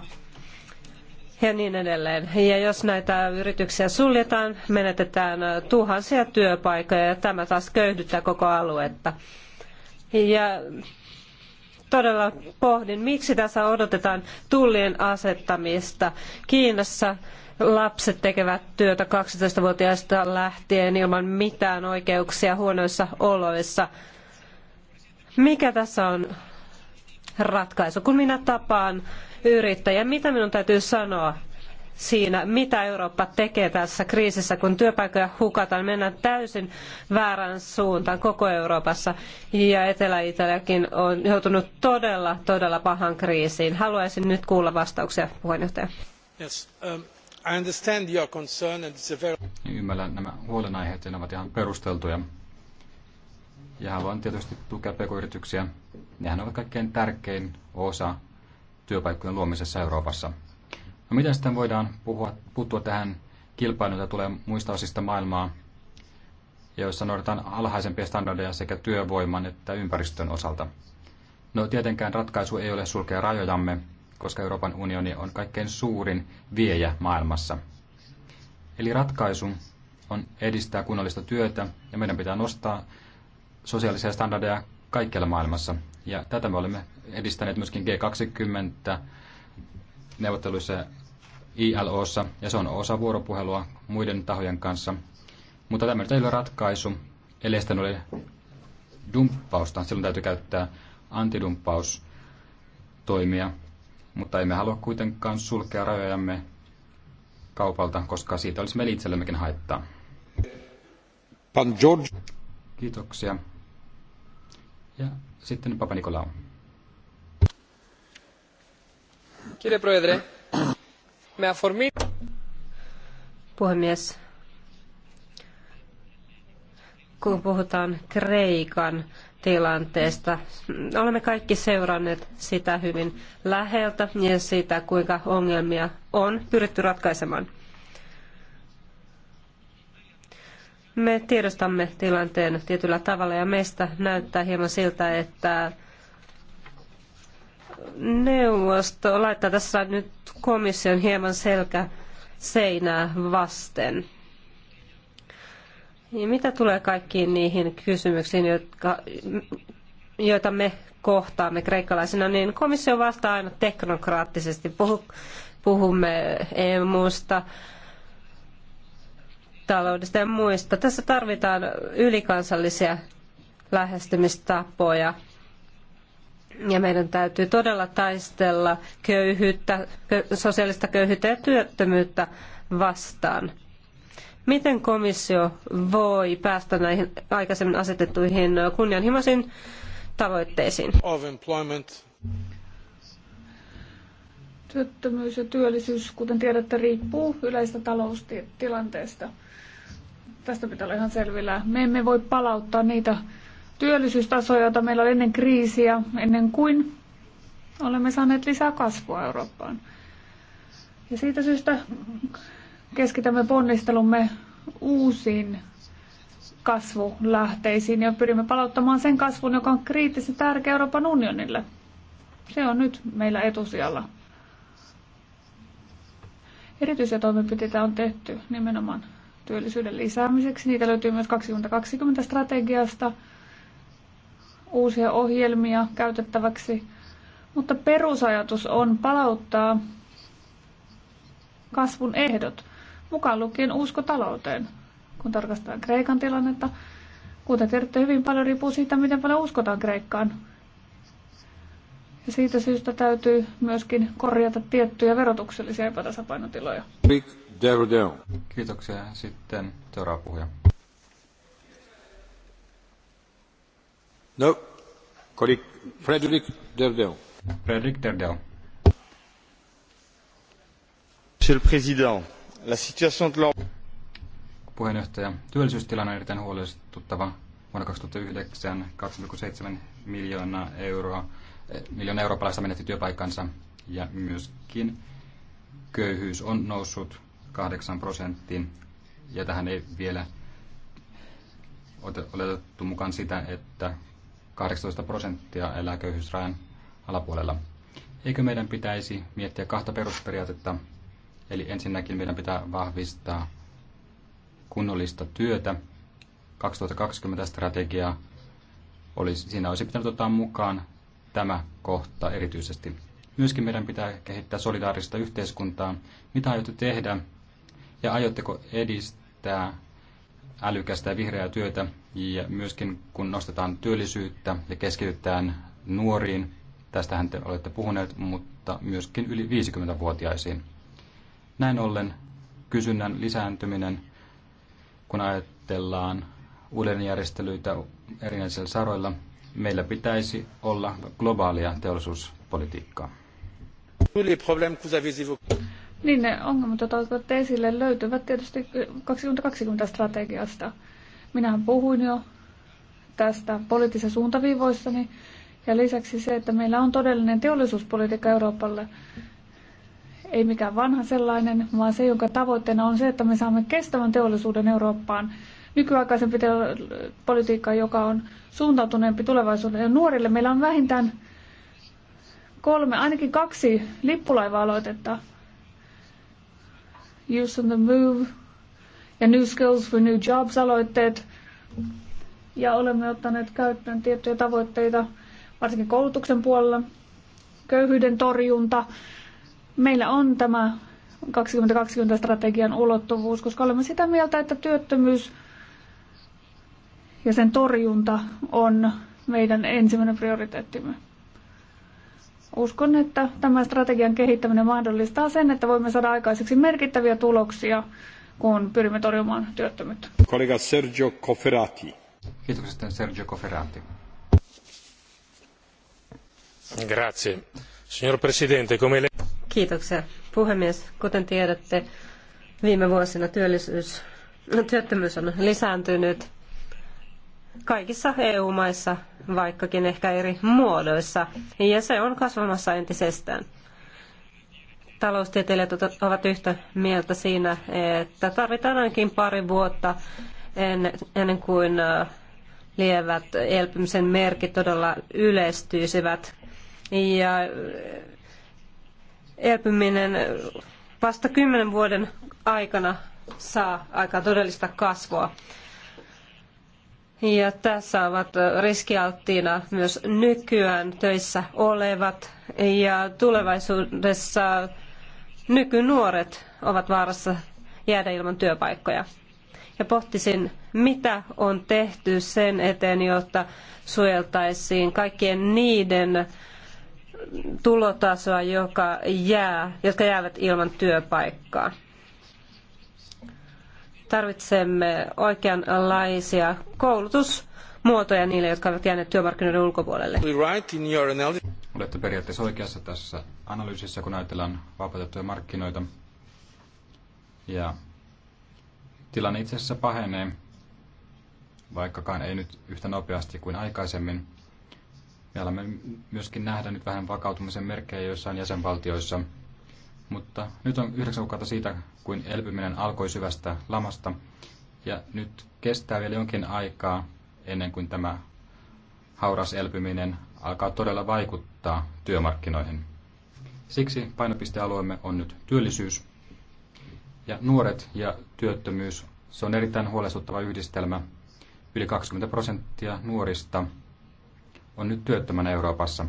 ja niin edelleen. Ja jos näitä yrityksiä suljetaan, menetetään tuhansia työpaikkoja ja tämä taas köyhdyttää koko aluetta. Ja todella pohdin, miksi tässä odotetaan tullien asettamista. Kiinassa lapset tekevät työtä 12-vuotiaista lähtien ilman mitään oikeuksia huonoissa oloissa. Mikä tässä on ratkaisu? Kun minä tapaan yrittäjän, mitä minun täytyy sanoa siinä, mitä Eurooppa tekee tässä kriisissä, kun työpaikkoja hukataan, mennään täysin väärään suuntaan koko Euroopassa. Ja Etelä-Italiakin on joutunut todella, todella pahan kriisiin. Haluaisin nyt kuulla vastauksia, puheenjohtaja. Yes, um, I understand your concern and it's a very... Ymmärrän nämä huolenaiheet ja ne ovat ihan perusteltuja. Ja haluan tietysti tukea pk-yrityksiä. Nehän ovat kaikkein tärkein osa työpaikkojen luomisessa Euroopassa. No miten sitten voidaan puhua, puuttua tähän kilpailuun, jota tulee muista osista maailmaa, joissa noudataan alhaisempia standardeja sekä työvoiman että ympäristön osalta? No tietenkään ratkaisu ei ole sulkea rajojamme, koska Euroopan unioni on kaikkein suurin viejä maailmassa. Eli ratkaisu on edistää kunnollista työtä ja meidän pitää nostaa sosiaalisia standardeja kaikkialla maailmassa. Ja tätä me olemme edistäneet myöskin G20 neuvotteluissa ILOssa, ja se on osa vuoropuhelua muiden tahojen kanssa. Mutta tämä ei ole ratkaisu, ellei sitten ole dumppausta. Silloin täytyy käyttää antidumppaustoimia, mutta emme halua kuitenkaan sulkea rajojamme kaupalta, koska siitä olisi meille itsellemmekin haittaa. Pan George. Kiitoksia. Ja sitten Papa Nikolaou. Kiire proedre. με αφορμή... Puhemies, kun puhutaan Kreikan tilanteesta, olemme kaikki seuranneet sitä hyvin läheltä ja sitä, kuinka ongelmia on pyritty ratkaisemaan. Me tiedostamme tilanteen tietyllä tavalla ja meistä näyttää hieman siltä, että neuvosto laittaa tässä nyt komission hieman selkä seinää vasten. Ja mitä tulee kaikkiin niihin kysymyksiin, jotka, joita me kohtaamme kreikkalaisina, niin komissio vastaa aina teknokraattisesti. Puhumme puhumme muusta taloudesta ja muista. Tässä tarvitaan ylikansallisia lähestymistapoja. Ja meidän täytyy todella taistella köyhyyttä, sosiaalista köyhyyttä ja työttömyyttä vastaan. Miten komissio voi päästä näihin aikaisemmin asetettuihin kunnianhimoisiin tavoitteisiin? Työttömyys ja työllisyys, kuten tiedätte, riippuu yleistä taloustilanteesta. Tästä pitää olla ihan selvillä. Me emme voi palauttaa niitä työllisyystasoja, joita meillä oli ennen kriisiä, ennen kuin olemme saaneet lisää kasvua Eurooppaan. Ja siitä syystä keskitämme ponnistelumme uusiin kasvulähteisiin ja pyrimme palauttamaan sen kasvun, joka on kriittisen tärkeä Euroopan unionille. Se on nyt meillä etusijalla. Erityisiä toimenpiteitä on tehty nimenomaan työllisyyden lisäämiseksi. Niitä löytyy myös 2020-strategiasta uusia ohjelmia käytettäväksi. Mutta perusajatus on palauttaa kasvun ehdot, mukaan lukien usko talouteen. Kun tarkastetaan Kreikan tilannetta, kuten tiedätte, hyvin paljon riippuu siitä, miten paljon uskotaan Kreikkaan. Ja siitä syystä täytyy myöskin korjata tiettyjä verotuksellisia epätasapainotiloja. Derudin. Kiitoksia. Sitten seuraava puhuja. No, kolik Frederick Derdeau. Frederick Derdeau. Monsieur le Président, la situation de l'homme... Puheenjohtaja, työllisyystilanne on erittäin huolestuttava. Vuonna 2009 2,7 miljoonaa euroa, eh, miljoonaa eurooppalaista menetti työpaikkansa ja myöskin köyhyys on noussut 8 prosenttiin, ja tähän ei vielä ole otettu mukaan sitä, että 18 prosenttia elää köyhyysrajan alapuolella. Eikö meidän pitäisi miettiä kahta perusperiaatetta? Eli ensinnäkin meidän pitää vahvistaa kunnollista työtä. 2020 strategiaa olisi, siinä olisi pitänyt ottaa mukaan tämä kohta erityisesti. Myöskin meidän pitää kehittää solidaarista yhteiskuntaa. Mitä aiotte tehdä, ja aiotteko edistää älykästä ja vihreää työtä ja myöskin kun nostetaan työllisyyttä ja keskitytään nuoriin, tästähän te olette puhuneet, mutta myöskin yli 50-vuotiaisiin. Näin ollen kysynnän lisääntyminen, kun ajatellaan uudelleenjärjestelyitä erinäisillä saroilla, meillä pitäisi olla globaalia teollisuuspolitiikkaa. Niin ne ongelmat, joita otatte esille, löytyvät tietysti 2020-strategiasta. Minähän puhuin jo tästä poliittisessa suuntaviivoissani ja lisäksi se, että meillä on todellinen teollisuuspolitiikka Euroopalle, ei mikään vanha sellainen, vaan se, jonka tavoitteena on se, että me saamme kestävän teollisuuden Eurooppaan, nykyaikaisempi politiikka, joka on suuntautuneempi tulevaisuuden Ja nuorille meillä on vähintään kolme, ainakin kaksi lippulaiva-aloitetta Use on the Move ja New Skills for New Jobs-aloitteet. Ja olemme ottaneet käyttöön tiettyjä tavoitteita, varsinkin koulutuksen puolella. Köyhyyden torjunta. Meillä on tämä 2020-strategian ulottuvuus, koska olemme sitä mieltä, että työttömyys ja sen torjunta on meidän ensimmäinen prioriteettimme. Uskon, että tämä strategian kehittäminen mahdollistaa sen, että voimme saada aikaiseksi merkittäviä tuloksia, kun pyrimme torjumaan työttömyyttä. Kollega Sergio Coferati. Kiitokset Sergio Coferati. Grazie. Signor Presidente, come le... Kiitoksia puhemies. Kuten tiedätte, viime vuosina työllisyys, työttömyys on lisääntynyt kaikissa EU-maissa, vaikkakin ehkä eri muodoissa, ja se on kasvamassa entisestään. Taloustieteilijät ovat yhtä mieltä siinä, että tarvitaan ainakin pari vuotta ennen kuin lievät elpymisen merkit todella yleistyisivät. Ja elpyminen vasta kymmenen vuoden aikana saa aikaan todellista kasvua. Ja tässä ovat riskialttiina myös nykyään töissä olevat ja tulevaisuudessa nykynuoret ovat vaarassa jäädä ilman työpaikkoja. Ja pohtisin, mitä on tehty sen eteen, jotta suojeltaisiin kaikkien niiden tulotasoa, joka jää, jotka jäävät ilman työpaikkaa. Tarvitsemme oikeanlaisia koulutusmuotoja niille, jotka ovat jääneet työmarkkinoiden ulkopuolelle. Olette periaatteessa oikeassa tässä analyysissä, kun ajatellaan vapautettuja markkinoita. Ja tilanne itse asiassa pahenee, vaikkakaan ei nyt yhtä nopeasti kuin aikaisemmin. Me alamme myöskin nähdä nyt vähän vakautumisen merkkejä joissain jäsenvaltioissa – mutta nyt on yhdeksän kuukautta siitä, kuin elpyminen alkoi syvästä lamasta. Ja nyt kestää vielä jonkin aikaa ennen kuin tämä hauras elpyminen alkaa todella vaikuttaa työmarkkinoihin. Siksi painopistealueemme on nyt työllisyys. Ja nuoret ja työttömyys, se on erittäin huolestuttava yhdistelmä. Yli 20 prosenttia nuorista on nyt työttömänä Euroopassa.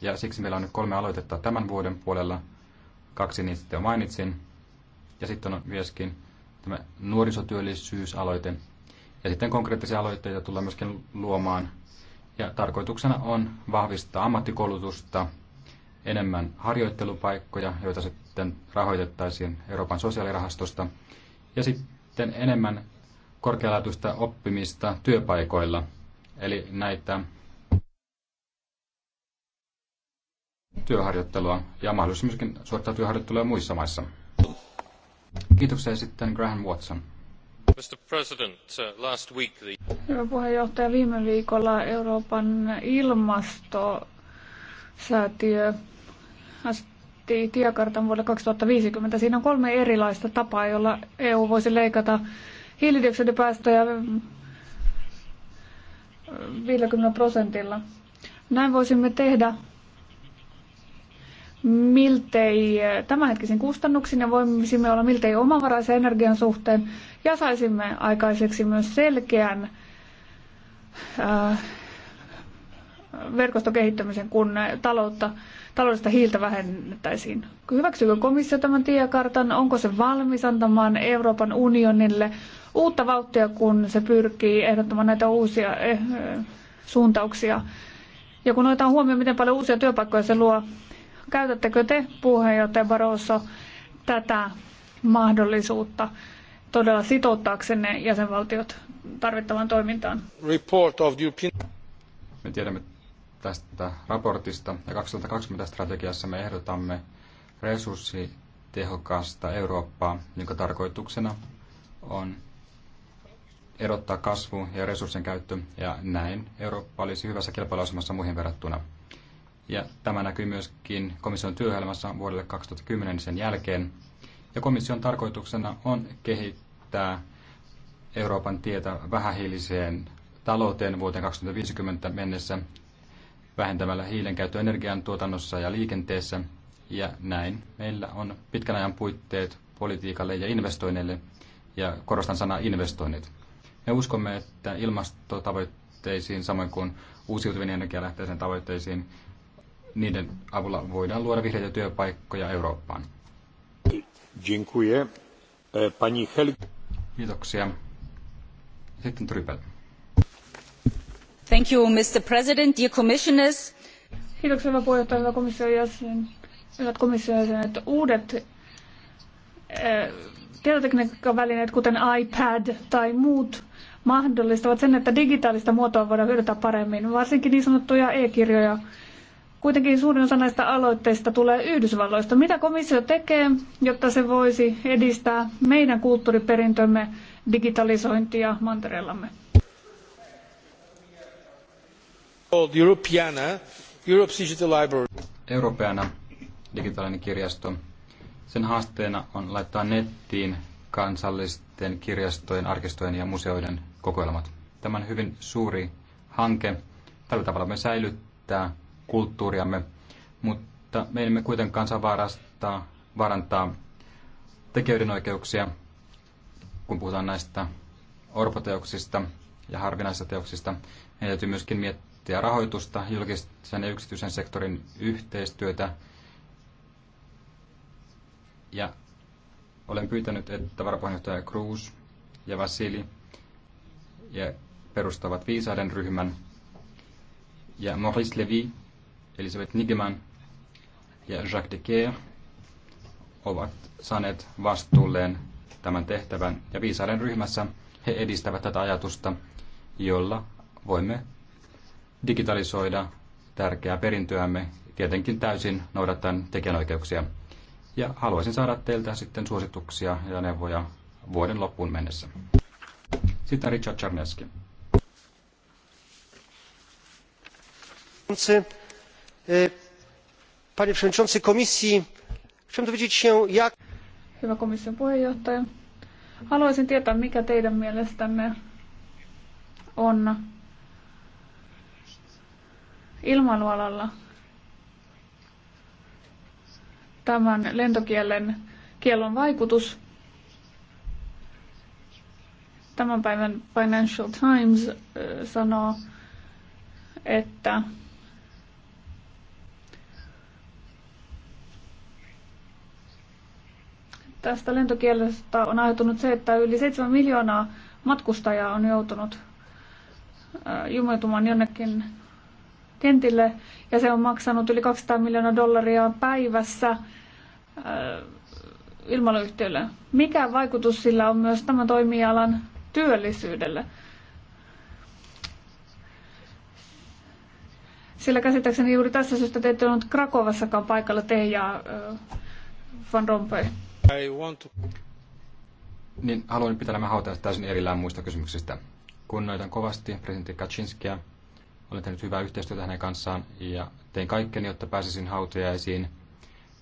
Ja siksi meillä on nyt kolme aloitetta tämän vuoden puolella – Kaksi niistä jo mainitsin. Ja sitten on myöskin tämä nuorisotyöllisyysaloite. Ja sitten konkreettisia aloitteita tullaan myöskin luomaan. Ja tarkoituksena on vahvistaa ammattikoulutusta, enemmän harjoittelupaikkoja, joita sitten rahoitettaisiin Euroopan sosiaalirahastosta. Ja sitten enemmän korkealaatuista oppimista työpaikoilla, eli näitä työharjoittelua ja mahdollisuus myöskin suorittaa työharjoittelua muissa maissa. Kiitoksia sitten Graham Watson. Mr. President, uh, last week the... Hyvä puheenjohtaja, viime viikolla Euroopan ilmastosäätiö asti tiekartan vuodelle 2050. Siinä on kolme erilaista tapaa, jolla EU voisi leikata hiilidioksidipäästöjä 50 prosentilla. Näin voisimme tehdä miltei eh, tämänhetkisin kustannuksin ja voisimme olla miltei omavaraisen energian suhteen ja saisimme aikaiseksi myös selkeän äh, eh, verkostokehittämisen, kun taloutta, taloudellista hiiltä vähennettäisiin. Hyväksyykö komissio tämän tiekartan? Onko se valmis antamaan Euroopan unionille uutta vauhtia, kun se pyrkii ehdottamaan näitä uusia eh, eh suuntauksia? Ja kun otetaan huomioon, miten paljon uusia työpaikkoja se luo Käytättekö te, puheenjohtaja Barroso, tätä mahdollisuutta todella sitouttaaksenne jäsenvaltiot tarvittavaan toimintaan? Report of European... Me tiedämme tästä raportista ja 2020 strategiassa me ehdotamme resurssitehokasta Eurooppaa, jonka tarkoituksena on erottaa kasvu ja resurssien käyttö, ja näin Eurooppa olisi hyvässä kilpailuasemassa muihin verrattuna. Ja tämä näkyy myöskin komission työohjelmassa vuodelle 2010 sen jälkeen. Ja komission tarkoituksena on kehittää Euroopan tietä vähähiiliseen talouteen vuoteen 2050 mennessä vähentämällä hiilen käyttöä energiantuotannossa ja liikenteessä. Ja näin meillä on pitkän ajan puitteet politiikalle ja investoinneille, ja korostan sanaa investoinnit. Me uskomme, että ilmastotavoitteisiin, samoin kuin uusiutuvien energialähteisiin tavoitteisiin, niiden avulla voidaan luoda vihreitä työpaikkoja Eurooppaan. E, Kiitoksia. Sitten Trypel. Thank you, Mr. President, dear commissioners. Kiitoksia, hyvä puheenjohtaja, hyvä komission jäsen, hyvät komission jäsenet. Uudet e, tietotekniikan välineet, kuten iPad tai muut, mahdollistavat sen, että digitaalista muotoa voidaan hyödyntää paremmin, varsinkin niin sanottuja e-kirjoja Kuitenkin suurin osa näistä aloitteista tulee Yhdysvalloista. Mitä komissio tekee, jotta se voisi edistää meidän kulttuuriperintömme digitalisointia mantereellamme? Europeana, Digital Library. digitaalinen kirjasto. Sen haasteena on laittaa nettiin kansallisten kirjastojen, arkistojen ja museoiden kokoelmat. Tämä on hyvin suuri hanke. Tällä tavalla me säilyttää kulttuuriamme, mutta me emme kuitenkaan saa varastaa, varantaa tekijöiden oikeuksia, kun puhutaan näistä orpoteoksista ja harvinaisista teoksista. Meidän täytyy myöskin miettiä rahoitusta, julkisen ja yksityisen sektorin yhteistyötä. Ja olen pyytänyt, että varapuheenjohtaja Cruz ja Vasili ja perustavat viisaiden ryhmän. Ja Maurice Levy Elisabeth Nigeman ja Jacques de ovat saaneet vastuulleen tämän tehtävän ja viisaiden ryhmässä he edistävät tätä ajatusta, jolla voimme digitalisoida tärkeää perintöämme, tietenkin täysin noudattaen tekijänoikeuksia. Ja haluaisin saada teiltä sitten suosituksia ja neuvoja vuoden loppuun mennessä. Sitten Richard Czarneski. E, panie przewodniczący komisji! chciałem dowiedzieć się jak. hyvä komission puheenjohtaja haluaisin tietää mikä teidän mielestänne on ilmailualalla tämän lentokielen kiellon vaikutus. Tämän päivän Financial Times e, sanoo, että Tästä lentokielestä on aiheutunut se, että yli 7 miljoonaa matkustajaa on joutunut jumeutumaan jonnekin kentille ja se on maksanut yli 200 miljoonaa dollaria päivässä ilmailuyhtiölle. Mikä vaikutus sillä on myös tämän toimialan työllisyydelle? Sillä käsittääkseni juuri tässä syystä te ette ollut Krakovassakaan paikalla te ja Van Rompuy. To... Niin haluan pitää nämä hautajat täysin erillään muista kysymyksistä. Kunnioitan kovasti presidentti Kaczynskia. Olen tehnyt hyvää yhteistyötä hänen kanssaan ja tein kaikkeni, jotta pääsisin hautajaisiin.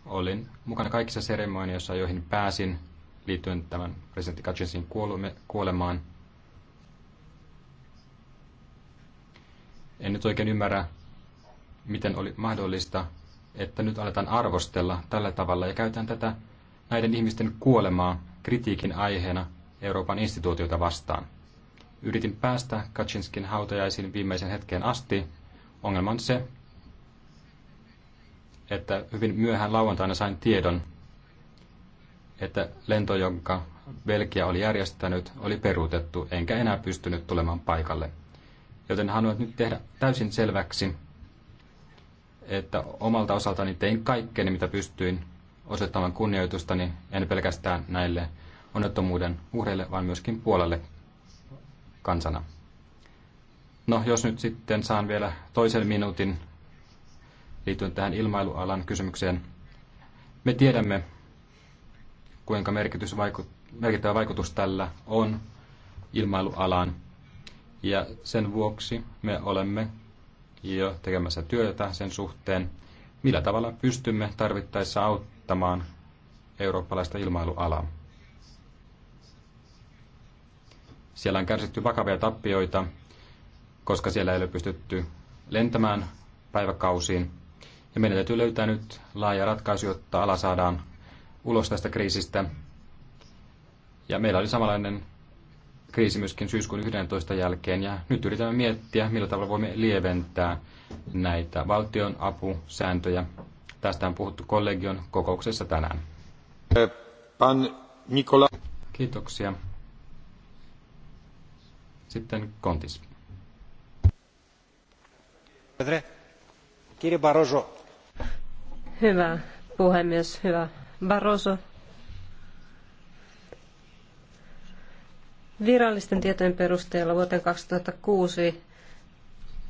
Olin mukana kaikissa seremonioissa, joihin pääsin liittyen tämän presidentti Kaczynskin kuolemaan. En nyt oikein ymmärrä, miten oli mahdollista, että nyt aletaan arvostella tällä tavalla ja käytetään tätä näiden ihmisten kuolemaa kritiikin aiheena Euroopan instituutioita vastaan. Yritin päästä Kaczynskin hautajaisiin viimeisen hetkeen asti. Ongelma on se, että hyvin myöhään lauantaina sain tiedon, että lento, jonka Belgia oli järjestänyt, oli peruutettu, enkä enää pystynyt tulemaan paikalle. Joten haluan nyt tehdä täysin selväksi, että omalta osaltani tein kaikkeni, mitä pystyin, osoittamaan kunnioitustani en pelkästään näille onnettomuuden uhreille, vaan myöskin Puolalle kansana. No, jos nyt sitten saan vielä toisen minuutin liittyen tähän ilmailualan kysymykseen. Me tiedämme, kuinka merkitys vaiku- merkittävä vaikutus tällä on ilmailualaan. Ja sen vuoksi me olemme jo tekemässä työtä sen suhteen, millä tavalla pystymme tarvittaessa auttamaan eurooppalaista ilmailualaa. Siellä on kärsitty vakavia tappioita, koska siellä ei ole pystytty lentämään päiväkausiin. Ja meidän täytyy löytää nyt laaja ratkaisu, jotta ala saadaan ulos tästä kriisistä. Ja meillä oli samanlainen kriisi myöskin syyskuun 11 jälkeen ja nyt yritämme miettiä, millä tavalla voimme lieventää näitä valtion apusääntöjä. Tästä on puhuttu kollegion kokouksessa tänään. Pan Nikola. Kiitoksia. Sitten Kontis. Hyvä puhemies, hyvä Barroso, Virallisten tietojen perusteella vuoteen 2006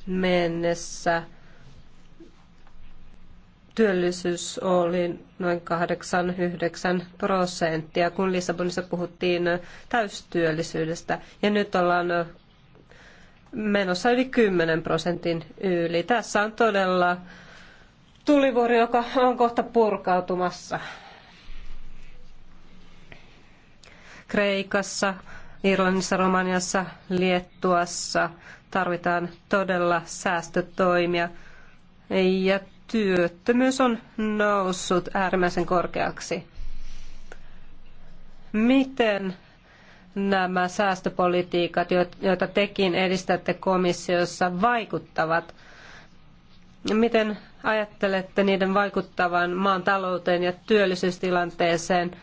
mennessä työllisyys oli noin 8-9 prosenttia, kun Lissabonissa puhuttiin täystyöllisyydestä. Ja nyt ollaan menossa yli 10 prosentin yli. Tässä on todella tulivuori, joka on kohta purkautumassa. Kreikassa Irlannissa, Romaniassa, Liettuassa tarvitaan todella säästötoimia. Ja työttömyys on noussut äärimmäisen korkeaksi. Miten nämä säästöpolitiikat, joita tekin edistätte komissiossa, vaikuttavat? Miten ajattelette niiden vaikuttavan maan talouteen ja työllisyystilanteeseen –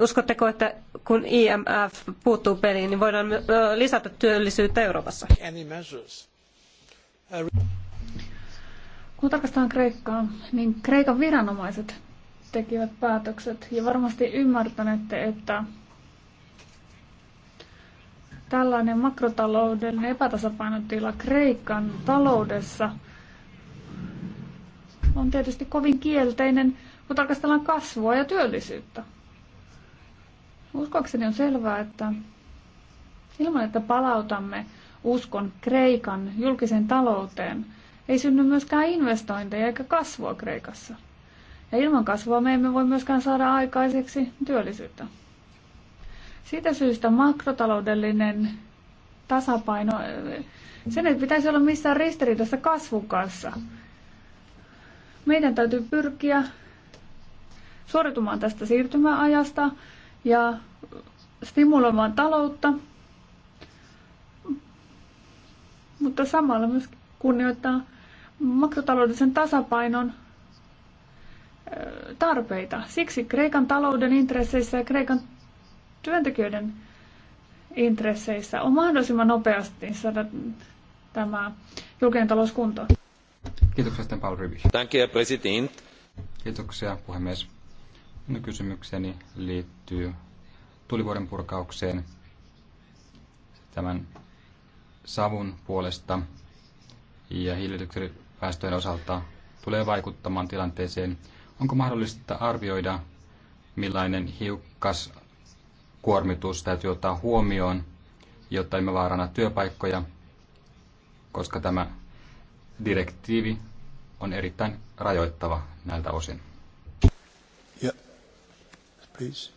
Uskotteko, että kun IMF puuttuu peliin, niin voidaan lisätä työllisyyttä Euroopassa? Kun tarkastetaan Kreikkaa, niin Kreikan viranomaiset tekivät päätökset ja varmasti ymmärtänette, että tällainen makrotalouden epätasapainotila Kreikan taloudessa on tietysti kovin kielteinen, kun tarkastellaan kasvua ja työllisyyttä. Uskoakseni on selvää, että ilman että palautamme uskon Kreikan julkisen talouteen, ei synny myöskään investointeja eikä kasvua Kreikassa. Ja ilman kasvua me emme voi myöskään saada aikaiseksi työllisyyttä. Siitä syystä makrotaloudellinen tasapaino, sen ei pitäisi olla missään ristiriidassa kasvun kanssa. Meidän täytyy pyrkiä suoritumaan tästä siirtymäajasta ja stimuloimaan taloutta, mutta samalla myös kunnioittaa makrotaloudellisen tasapainon tarpeita. Siksi Kreikan talouden intresseissä ja Kreikan työntekijöiden intresseissä on mahdollisimman nopeasti saada tämä julkinen talous kuntoon. Kiitoksia sitten Paul Ribisch. Thank you, president. Kiitoksia puhemies kysymykseni liittyy tulivuoren purkaukseen tämän savun puolesta ja hiilidioksidipäästöjen osalta tulee vaikuttamaan tilanteeseen. Onko mahdollista arvioida, millainen hiukkas kuormitus täytyy ottaa huomioon, jotta emme vaarana työpaikkoja, koska tämä direktiivi on erittäin rajoittava näiltä osin please.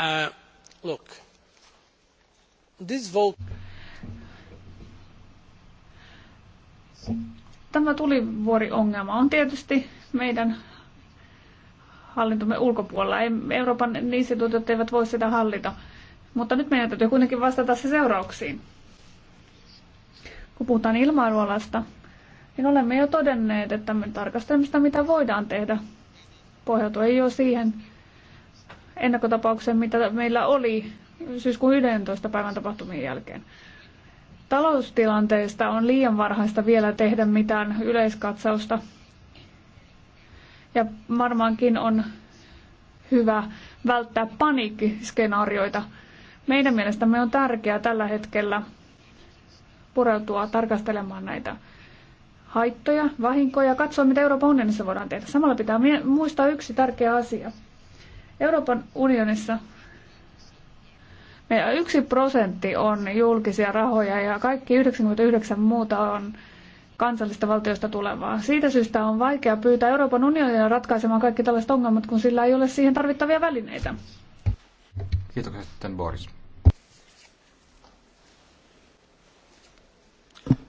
Uh, look, this vote... Tämä tulivuoriongelma on tietysti meidän hallintomme ulkopuolella. Ei, Euroopan instituutiot eivät voi sitä hallita. Mutta nyt meidän täytyy kuitenkin vastata se seurauksiin. Kun puhutaan ilmailualasta, niin olemme jo todenneet, että me tarkastelemme sitä, mitä voidaan tehdä. Pohjautuen jo siihen, ennakkotapauksen, mitä meillä oli syyskuun 11. päivän tapahtumien jälkeen. Taloustilanteesta on liian varhaista vielä tehdä mitään yleiskatsausta. Ja varmaankin on hyvä välttää paniikkiskenaarioita. Meidän mielestämme on tärkeää tällä hetkellä pureutua tarkastelemaan näitä haittoja, vahinkoja, katsoa mitä Euroopan unionissa voidaan tehdä. Samalla pitää muistaa yksi tärkeä asia – Euroopan unionissa meillä yksi prosentti on julkisia rahoja ja kaikki 99 muuta on kansallista valtiosta tulevaa. Siitä syystä on vaikea pyytää Euroopan unionia ratkaisemaan kaikki tällaiset ongelmat, kun sillä ei ole siihen tarvittavia välineitä. Kiitoksia sitten Boris.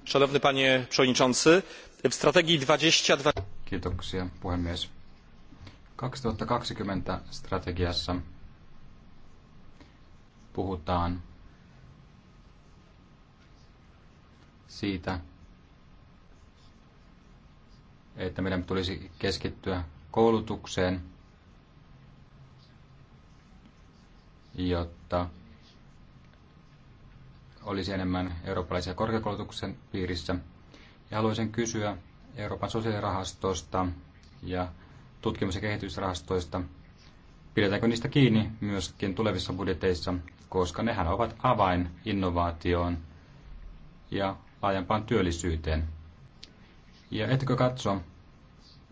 Szanowny panie przewodniczący, w strategii 2020... Kiitoksia puhemies. 2020 strategiassa puhutaan siitä, että meidän tulisi keskittyä koulutukseen, jotta olisi enemmän eurooppalaisia korkeakoulutuksen piirissä. Ja haluaisin kysyä Euroopan sosiaalirahastosta ja tutkimus- ja kehitysrahastoista, pidetäänkö niistä kiinni myöskin tulevissa budjeteissa, koska nehän ovat avain innovaatioon ja laajempaan työllisyyteen. Ja etkö katso,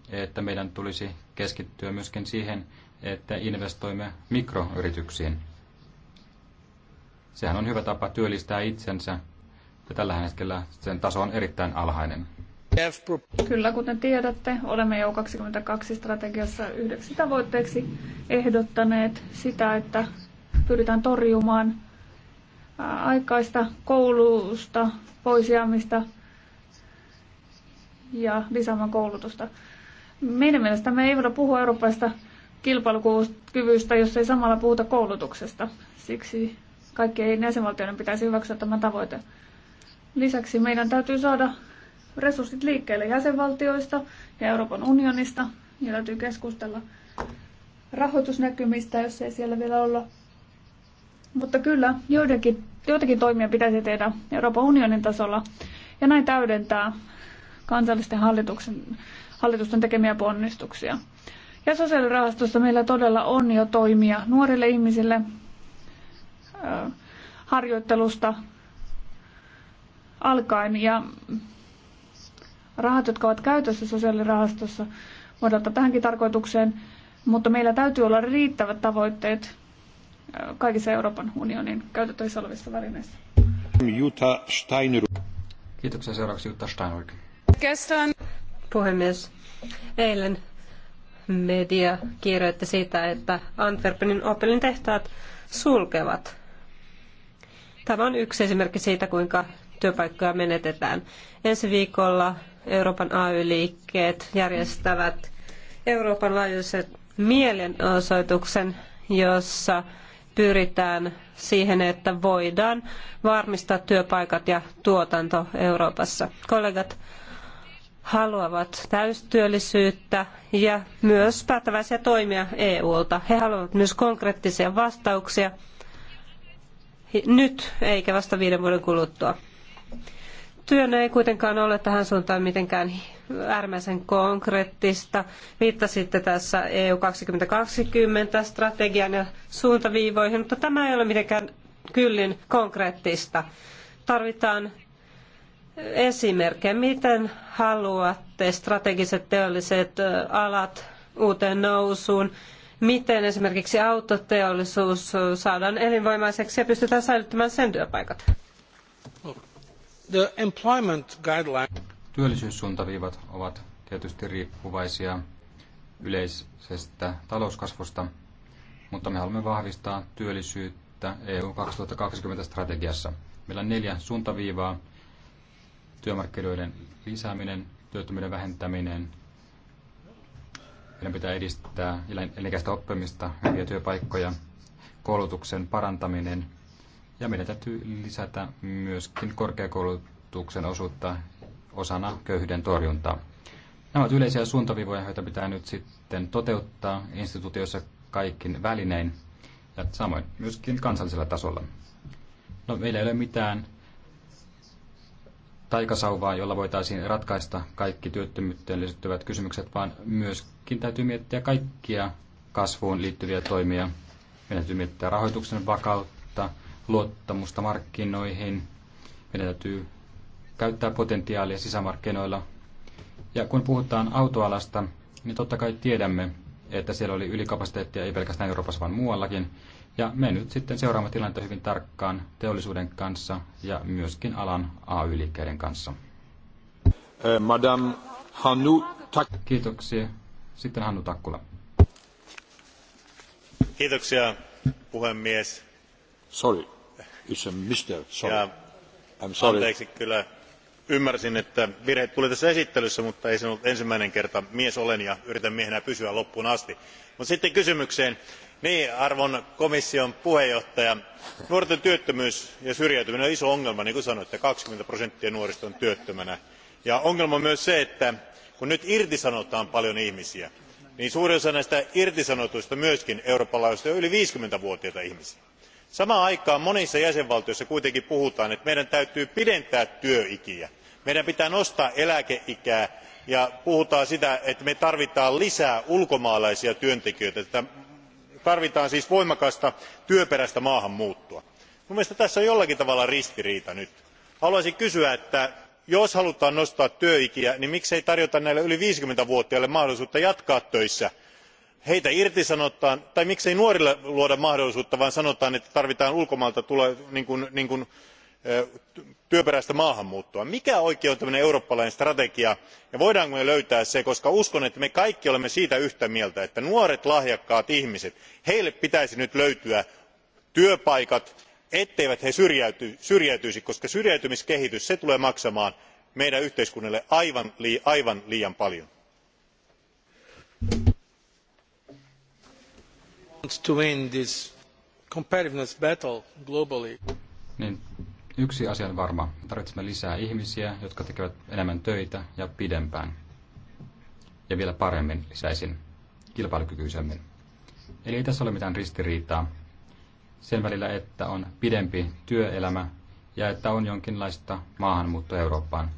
että meidän tulisi keskittyä myöskin siihen, että investoimme mikroyrityksiin. Sehän on hyvä tapa työllistää itsensä, ja tällä hetkellä sen taso on erittäin alhainen. Kyllä, kuten tiedätte, olemme jo 22 strategiassa yhdeksi tavoitteeksi ehdottaneet sitä, että pyritään torjumaan aikaista koulusta poisjäämistä ja lisäämään koulutusta. Meidän mielestämme ei voida puhua eurooppalaisesta kilpailukyvystä, jos ei samalla puhuta koulutuksesta. Siksi kaikkien jäsenvaltioiden pitäisi hyväksyä tämä tavoite. Lisäksi meidän täytyy saada resurssit liikkeelle jäsenvaltioista ja Euroopan unionista. Ja täytyy keskustella rahoitusnäkymistä, jos ei siellä vielä olla. Mutta kyllä, joidenkin, joitakin toimia pitäisi tehdä Euroopan unionin tasolla ja näin täydentää kansallisten hallituksen, hallitusten tekemiä ponnistuksia. Ja sosiaalirahastossa meillä todella on jo toimia nuorille ihmisille harjoittelusta alkaen. Ja rahat, jotka ovat käytössä sosiaalirahastossa, voidaan ottaa tähänkin tarkoitukseen, mutta meillä täytyy olla riittävät tavoitteet kaikissa Euroopan unionin käytettävissä olevissa välineissä. Jutta Steinruck. Kiitoksia seuraavaksi Jutta Steinruck. Kestään Puhemies, eilen media kirjoitti siitä, että Antwerpenin Opelin tehtaat sulkevat. Tämä on yksi esimerkki siitä, kuinka työpaikkoja menetetään. Ensi viikolla Euroopan AY-liikkeet järjestävät Euroopan laajuisen mielenosoituksen, jossa pyritään siihen, että voidaan varmistaa työpaikat ja tuotanto Euroopassa. Kollegat haluavat täystyöllisyyttä ja myös päättäväisiä toimia EU-lta. He haluavat myös konkreettisia vastauksia nyt eikä vasta viiden vuoden kuluttua. Työnne ei kuitenkaan ole tähän suuntaan mitenkään äärimmäisen konkreettista. Viittasitte tässä EU 2020 strategian ja suuntaviivoihin, mutta tämä ei ole mitenkään kyllin konkreettista. Tarvitaan esimerkkejä, miten haluatte strategiset teolliset alat uuteen nousuun, miten esimerkiksi autoteollisuus saadaan elinvoimaiseksi ja pystytään säilyttämään sen työpaikat. Työllisyyssuuntaviivat ovat tietysti riippuvaisia yleisestä talouskasvusta, mutta me haluamme vahvistaa työllisyyttä EU 2020-strategiassa. Meillä on neljä suuntaviivaa. Työmarkkinoiden lisääminen, työttömyyden vähentäminen, meidän pitää edistää elinikäistä oppimista, hyviä työpaikkoja, koulutuksen parantaminen – ja meidän täytyy lisätä myöskin korkeakoulutuksen osuutta osana köyhyyden torjuntaa. Nämä ovat yleisiä suuntavivoja, joita pitää nyt sitten toteuttaa instituutioissa kaikkin välinein ja samoin myöskin kansallisella tasolla. No, meillä ei ole mitään taikasauvaa, jolla voitaisiin ratkaista kaikki työttömyyteen liittyvät kysymykset, vaan myöskin täytyy miettiä kaikkia kasvuun liittyviä toimia. Meidän täytyy miettiä rahoituksen vakautta, luottamusta markkinoihin. Meidän täytyy käyttää potentiaalia sisämarkkinoilla. Ja kun puhutaan autoalasta, niin totta kai tiedämme, että siellä oli ylikapasiteettia ei pelkästään Euroopassa, vaan muuallakin. Ja me nyt sitten seuraamme tilannetta hyvin tarkkaan teollisuuden kanssa ja myöskin alan AY-liikkeiden kanssa. Madame Hannu Tak- Kiitoksia. Sitten Hannu Takkula. Kiitoksia puhemies Sorry. Ja, Anteeksi kyllä. Ymmärsin, että virhe tuli tässä esittelyssä, mutta ei se ollut ensimmäinen kerta. Mies olen ja yritän miehenä pysyä loppuun asti. Mutta sitten kysymykseen. Niin, arvon komission puheenjohtaja, nuorten työttömyys ja syrjäytyminen on iso ongelma, niin kuin sanoitte, 20 prosenttia nuorista on työttömänä. Ja ongelma on myös se, että kun nyt irtisanotaan paljon ihmisiä, niin suurin osa näistä irtisanotuista myöskin euroopan laajuisesti on yli viisikymmentä vuotiaita ihmisiä samaan aikaan monissa jäsenvaltioissa kuitenkin puhutaan että meidän täytyy pidentää työikiä meidän pitää nostaa eläkeikää ja puhutaan siitä että me tarvitsemme lisää ulkomaalaisia työntekijöitä tarvitaan siis voimakasta työperäistä maahanmuuttoa. minun mielestäni tässä on jollakin tavalla ristiriita nyt. haluaisin kysyä että jos halutaan nostaa työikiä niin miksei tarjota näille yli viisikymmentä vuotiaille mahdollisuutta jatkaa töissä heitä irtisanotaan tai miksei nuorille luoda mahdollisuutta vaan sanotaan että tarvitaan ulkomailta niin niin työperäistä maahanmuuttoa. mikä oikein on tällainen eurooppalainen strategia ja voidaanko me löytää se, koska uskon että me kaikki olemme siitä yhtä mieltä että nuorille lahjakkaille ihmisille pitäisi nyt löytyä työpaikat etteivät he syrjäytyisi koska syrjäytymiskehitys tulee maksamaan meidän yhteiskunnallemme aivan liian paljon want to win this competitiveness battle globally. Niin, yksi asia on varma. Tarvitsemme lisää ihmisiä, jotka tekevät enemmän töitä ja pidempään. Ja vielä paremmin lisäisin kilpailukykyisemmin. Eli ei tässä ole mitään ristiriitaa sen välillä, että on pidempi työelämä ja että on jonkinlaista maahanmuuttoa Eurooppaan.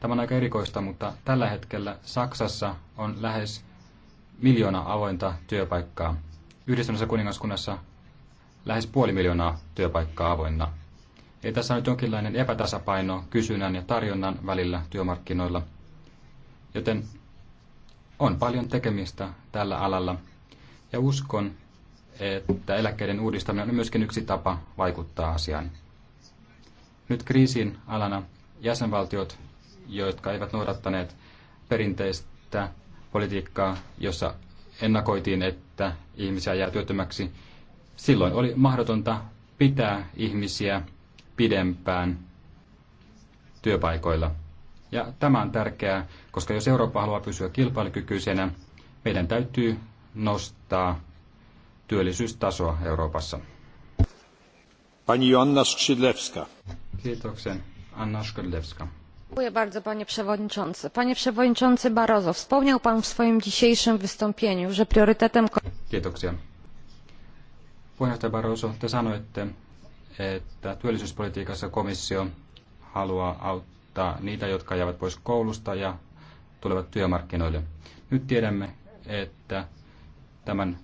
Tämä on aika erikoista, mutta tällä hetkellä Saksassa on lähes miljoona avointa työpaikkaa Yhdistyneessä kuningaskunnassa lähes puoli miljoonaa työpaikkaa avoinna. Ei tässä nyt jonkinlainen epätasapaino kysynnän ja tarjonnan välillä työmarkkinoilla, joten on paljon tekemistä tällä alalla ja uskon, että eläkkeiden uudistaminen on myöskin yksi tapa vaikuttaa asiaan. Nyt kriisin alana jäsenvaltiot, jotka eivät noudattaneet perinteistä politiikkaa, jossa ennakoitiin, että ihmisiä jää työttömäksi, silloin oli mahdotonta pitää ihmisiä pidempään työpaikoilla. Ja tämä on tärkeää, koska jos Eurooppa haluaa pysyä kilpailukykyisenä, meidän täytyy nostaa työllisyystasoa Euroopassa. Pani Anna Skrzydlewska. Kiitoksen. Anna Skrzydlewska panie przewodniczący! barroso! wspomniał pan w swoim dzisiejszym wystąpieniu że priorytetem. komisji puheenjohtaja barroso te sanoitte että työllisyyspolitiikassa komissio haluaa auttaa niitä jotka jäävät pois koulusta ja tulevat työmarkkinoille. nyt tiedämme että tämän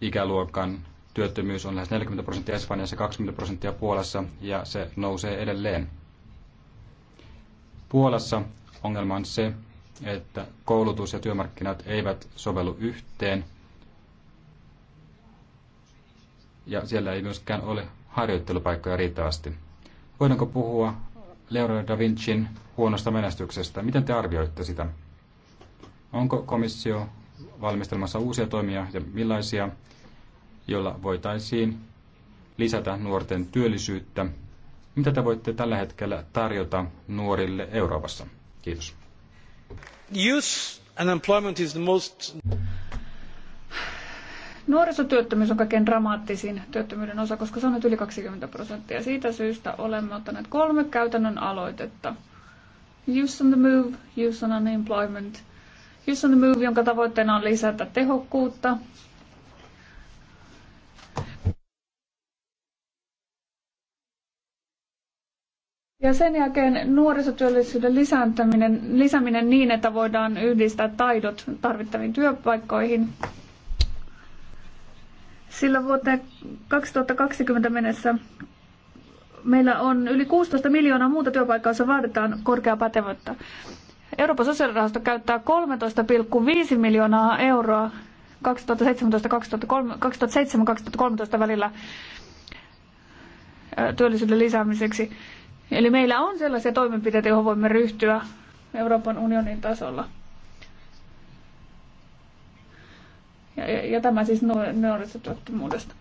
ikäluokan työttömyys on lähes 40 prosenttia Espanjassa, 20 prosenttia Puolassa ja se nousee edelleen. Puolassa ongelma on se, että koulutus ja työmarkkinat eivät sovellu yhteen. Ja siellä ei myöskään ole harjoittelupaikkoja riittävästi. Voidaanko puhua Leonardo da Vincin huonosta menestyksestä? Miten te arvioitte sitä? Onko komissio valmistelemassa uusia toimia ja millaisia, joilla voitaisiin lisätä nuorten työllisyyttä mitä te voitte tällä hetkellä tarjota nuorille Euroopassa? Kiitos. Youth is the most... Nuorisotyöttömyys on kaikkein dramaattisin työttömyyden osa, koska se on nyt yli 20 prosenttia. Siitä syystä olemme ottaneet kolme käytännön aloitetta. Youth on the Move, Youth on Unemployment, Youth on the Move, jonka tavoitteena on lisätä tehokkuutta, Ja sen jälkeen nuorisotyöllisyyden lisääntäminen, lisääminen niin, että voidaan yhdistää taidot tarvittaviin työpaikkoihin. Sillä vuoteen 2020 mennessä meillä on yli 16 miljoonaa muuta työpaikkaa, jossa vaaditaan korkeaa pätevyyttä. Euroopan sosiaalirahasto käyttää 13,5 miljoonaa euroa 2007-2013 välillä työllisyyden lisäämiseksi. Eli meillä on sellaisia toimenpiteitä, joihin voimme ryhtyä Euroopan unionin tasolla. Ja, ja, ja tämä siis nuorisotuottomuudesta.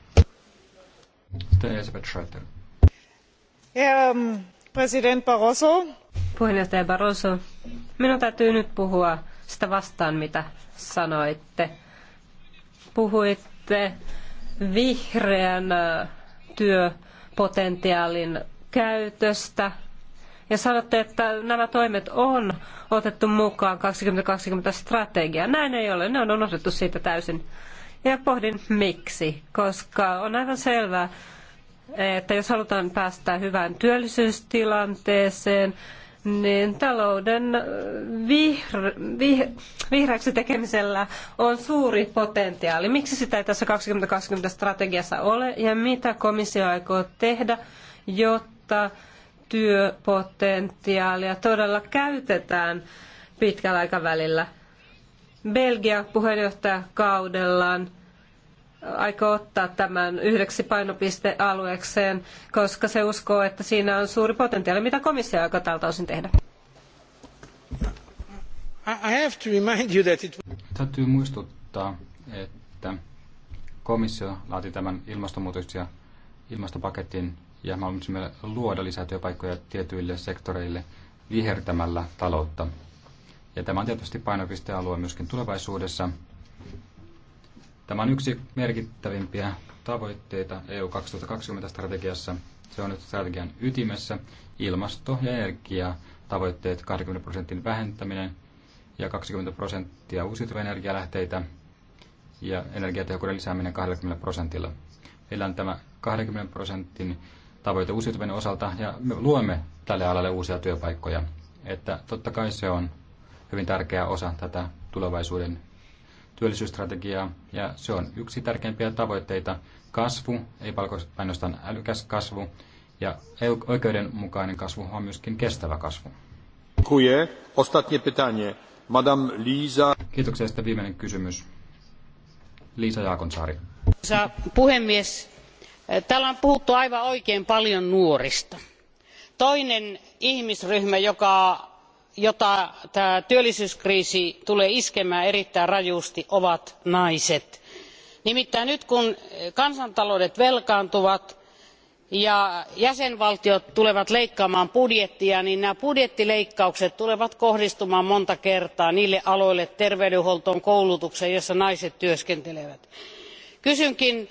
Sitten Elisabeth Schroeder. Um, ähm, President Barroso. Puheenjohtaja Barroso, minun täytyy nyt puhua sitä vastaan, mitä sanoitte. Puhuitte vihreän äh, työpotentiaalin käytöstä ja sanotte, että nämä toimet on otettu mukaan 2020-strategiaan. Näin ei ole, ne on unohdettu siitä täysin. Ja pohdin miksi, koska on aivan selvää, että jos halutaan päästä hyvään työllisyystilanteeseen, niin talouden vihr- vihreäksi tekemisellä on suuri potentiaali. Miksi sitä ei tässä 2020 strategiassa ole ja mitä komissio aikoo tehdä, jotta tuota työpotentiaalia todella käytetään pitkällä aikavälillä. Belgia puheenjohtajakaudellaan aikoo ottaa tämän yhdeksi painopistealueekseen, koska se uskoo, että siinä on suuri potentiaali. Mitä komissio aikoo tältä osin tehdä? It... Täytyy muistuttaa, että komissio laati tämän ilmastonmuutos- ja ilmastopaketin ja haluaisimme luoda lisää työpaikkoja tietyille sektoreille vihertämällä taloutta. Ja tämä on tietysti painopistealue myöskin tulevaisuudessa. Tämä on yksi merkittävimpiä tavoitteita EU 2020-strategiassa. Se on nyt strategian ytimessä ilmasto- ja energiatavoitteet 20 prosentin vähentäminen ja 20 prosenttia uusiutuvia energialähteitä ja energiatehokkuuden lisääminen 20 prosentilla. Meillä on tämä 20 prosentin tavoite uusiutuvien osalta ja me luemme tälle alalle uusia työpaikkoja. Että totta kai se on hyvin tärkeä osa tätä tulevaisuuden työllisyysstrategiaa ja se on yksi tärkeimpiä tavoitteita. Kasvu, ei ainoastaan älykäs kasvu ja oikeudenmukainen kasvu on myöskin kestävä kasvu. Kiitoksia. Sitten viimeinen kysymys. Liisa Jaakonsaari. Arvoisa puhemies täällä on puhuttu aivan oikein paljon nuorista. toinen ihmisryhmä jota tämä työllisyyskriisi tulee iskemään erittäin rajusti ovat naiset. nimittäin nyt kun kansantaloudet velkaantuvat ja jäsenvaltiot tulevat leikkaamaan budjettia niin nämä budjettileikkaukset tulevat kohdistumaan monta kertaa niille aloille terveydenhuoltoon koulutukseen joilla naiset työskentelevät. kysynkin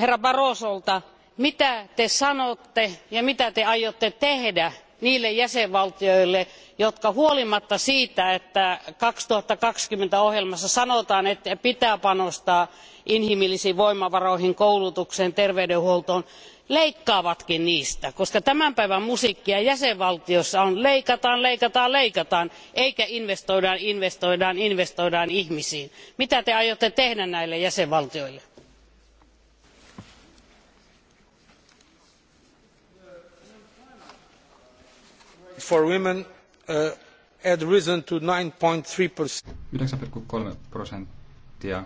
herra barrosolta mitä te sanotte ja mitä te aiotte tehdä niille jäsenvaltioille jotka huolimatta siitä että kaksituhatta kaksikymmentä ohjelmassa sanotaan että pitää panostaa inhimillisiin voimavaroihin koulutukseen terveydenhuoltoon leikkaavatkin niistä koska tämän päivän musiikkia jäsenvaltioissa on leikataan leikataan leikataan eikä investoidaan, investoidaan, investoidaan ihmisiin. mitä te aiotte tehdä näille jäsenvaltioille? for women uh, had risen to 9.3%. 9,3 prosenttia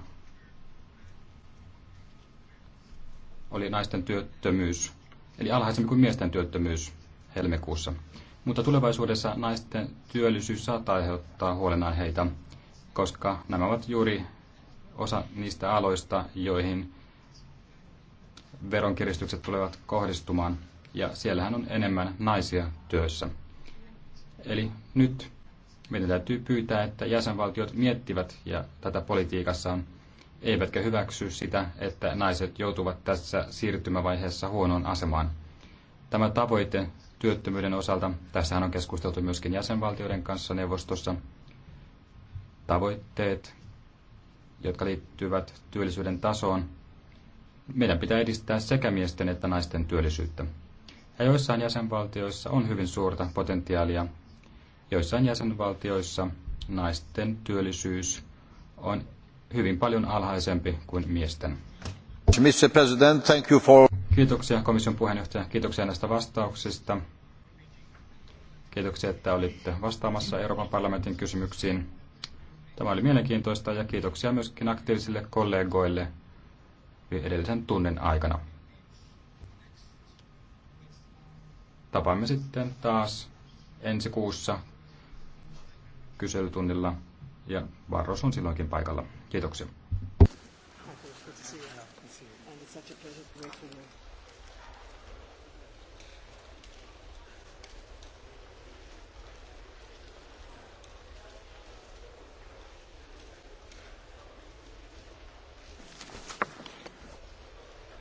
oli naisten työttömyys, eli alhaisempi kuin miesten työttömyys helmikuussa. Mutta tulevaisuudessa naisten työllisyys saattaa aiheuttaa huolenaiheita, koska nämä ovat juuri osa niistä aloista, joihin veronkiristykset tulevat kohdistumaan, ja siellähän on enemmän naisia työssä. Eli nyt meidän täytyy pyytää, että jäsenvaltiot miettivät ja tätä politiikassaan eivätkä hyväksy sitä, että naiset joutuvat tässä siirtymävaiheessa huonoon asemaan. Tämä tavoite työttömyyden osalta, tässähän on keskusteltu myöskin jäsenvaltioiden kanssa neuvostossa, tavoitteet, jotka liittyvät työllisyyden tasoon, meidän pitää edistää sekä miesten että naisten työllisyyttä. Ja joissain jäsenvaltioissa on hyvin suurta potentiaalia Joissain jäsenvaltioissa naisten työllisyys on hyvin paljon alhaisempi kuin miesten. Mr. President, thank you for... Kiitoksia komission puheenjohtaja. Kiitoksia näistä vastauksista. Kiitoksia, että olitte vastaamassa Euroopan parlamentin kysymyksiin. Tämä oli mielenkiintoista ja kiitoksia myöskin aktiivisille kollegoille edellisen tunnin aikana. Tapaamme sitten taas ensi kuussa kyselytunnilla ja varros on silloinkin paikalla. Kiitoksia.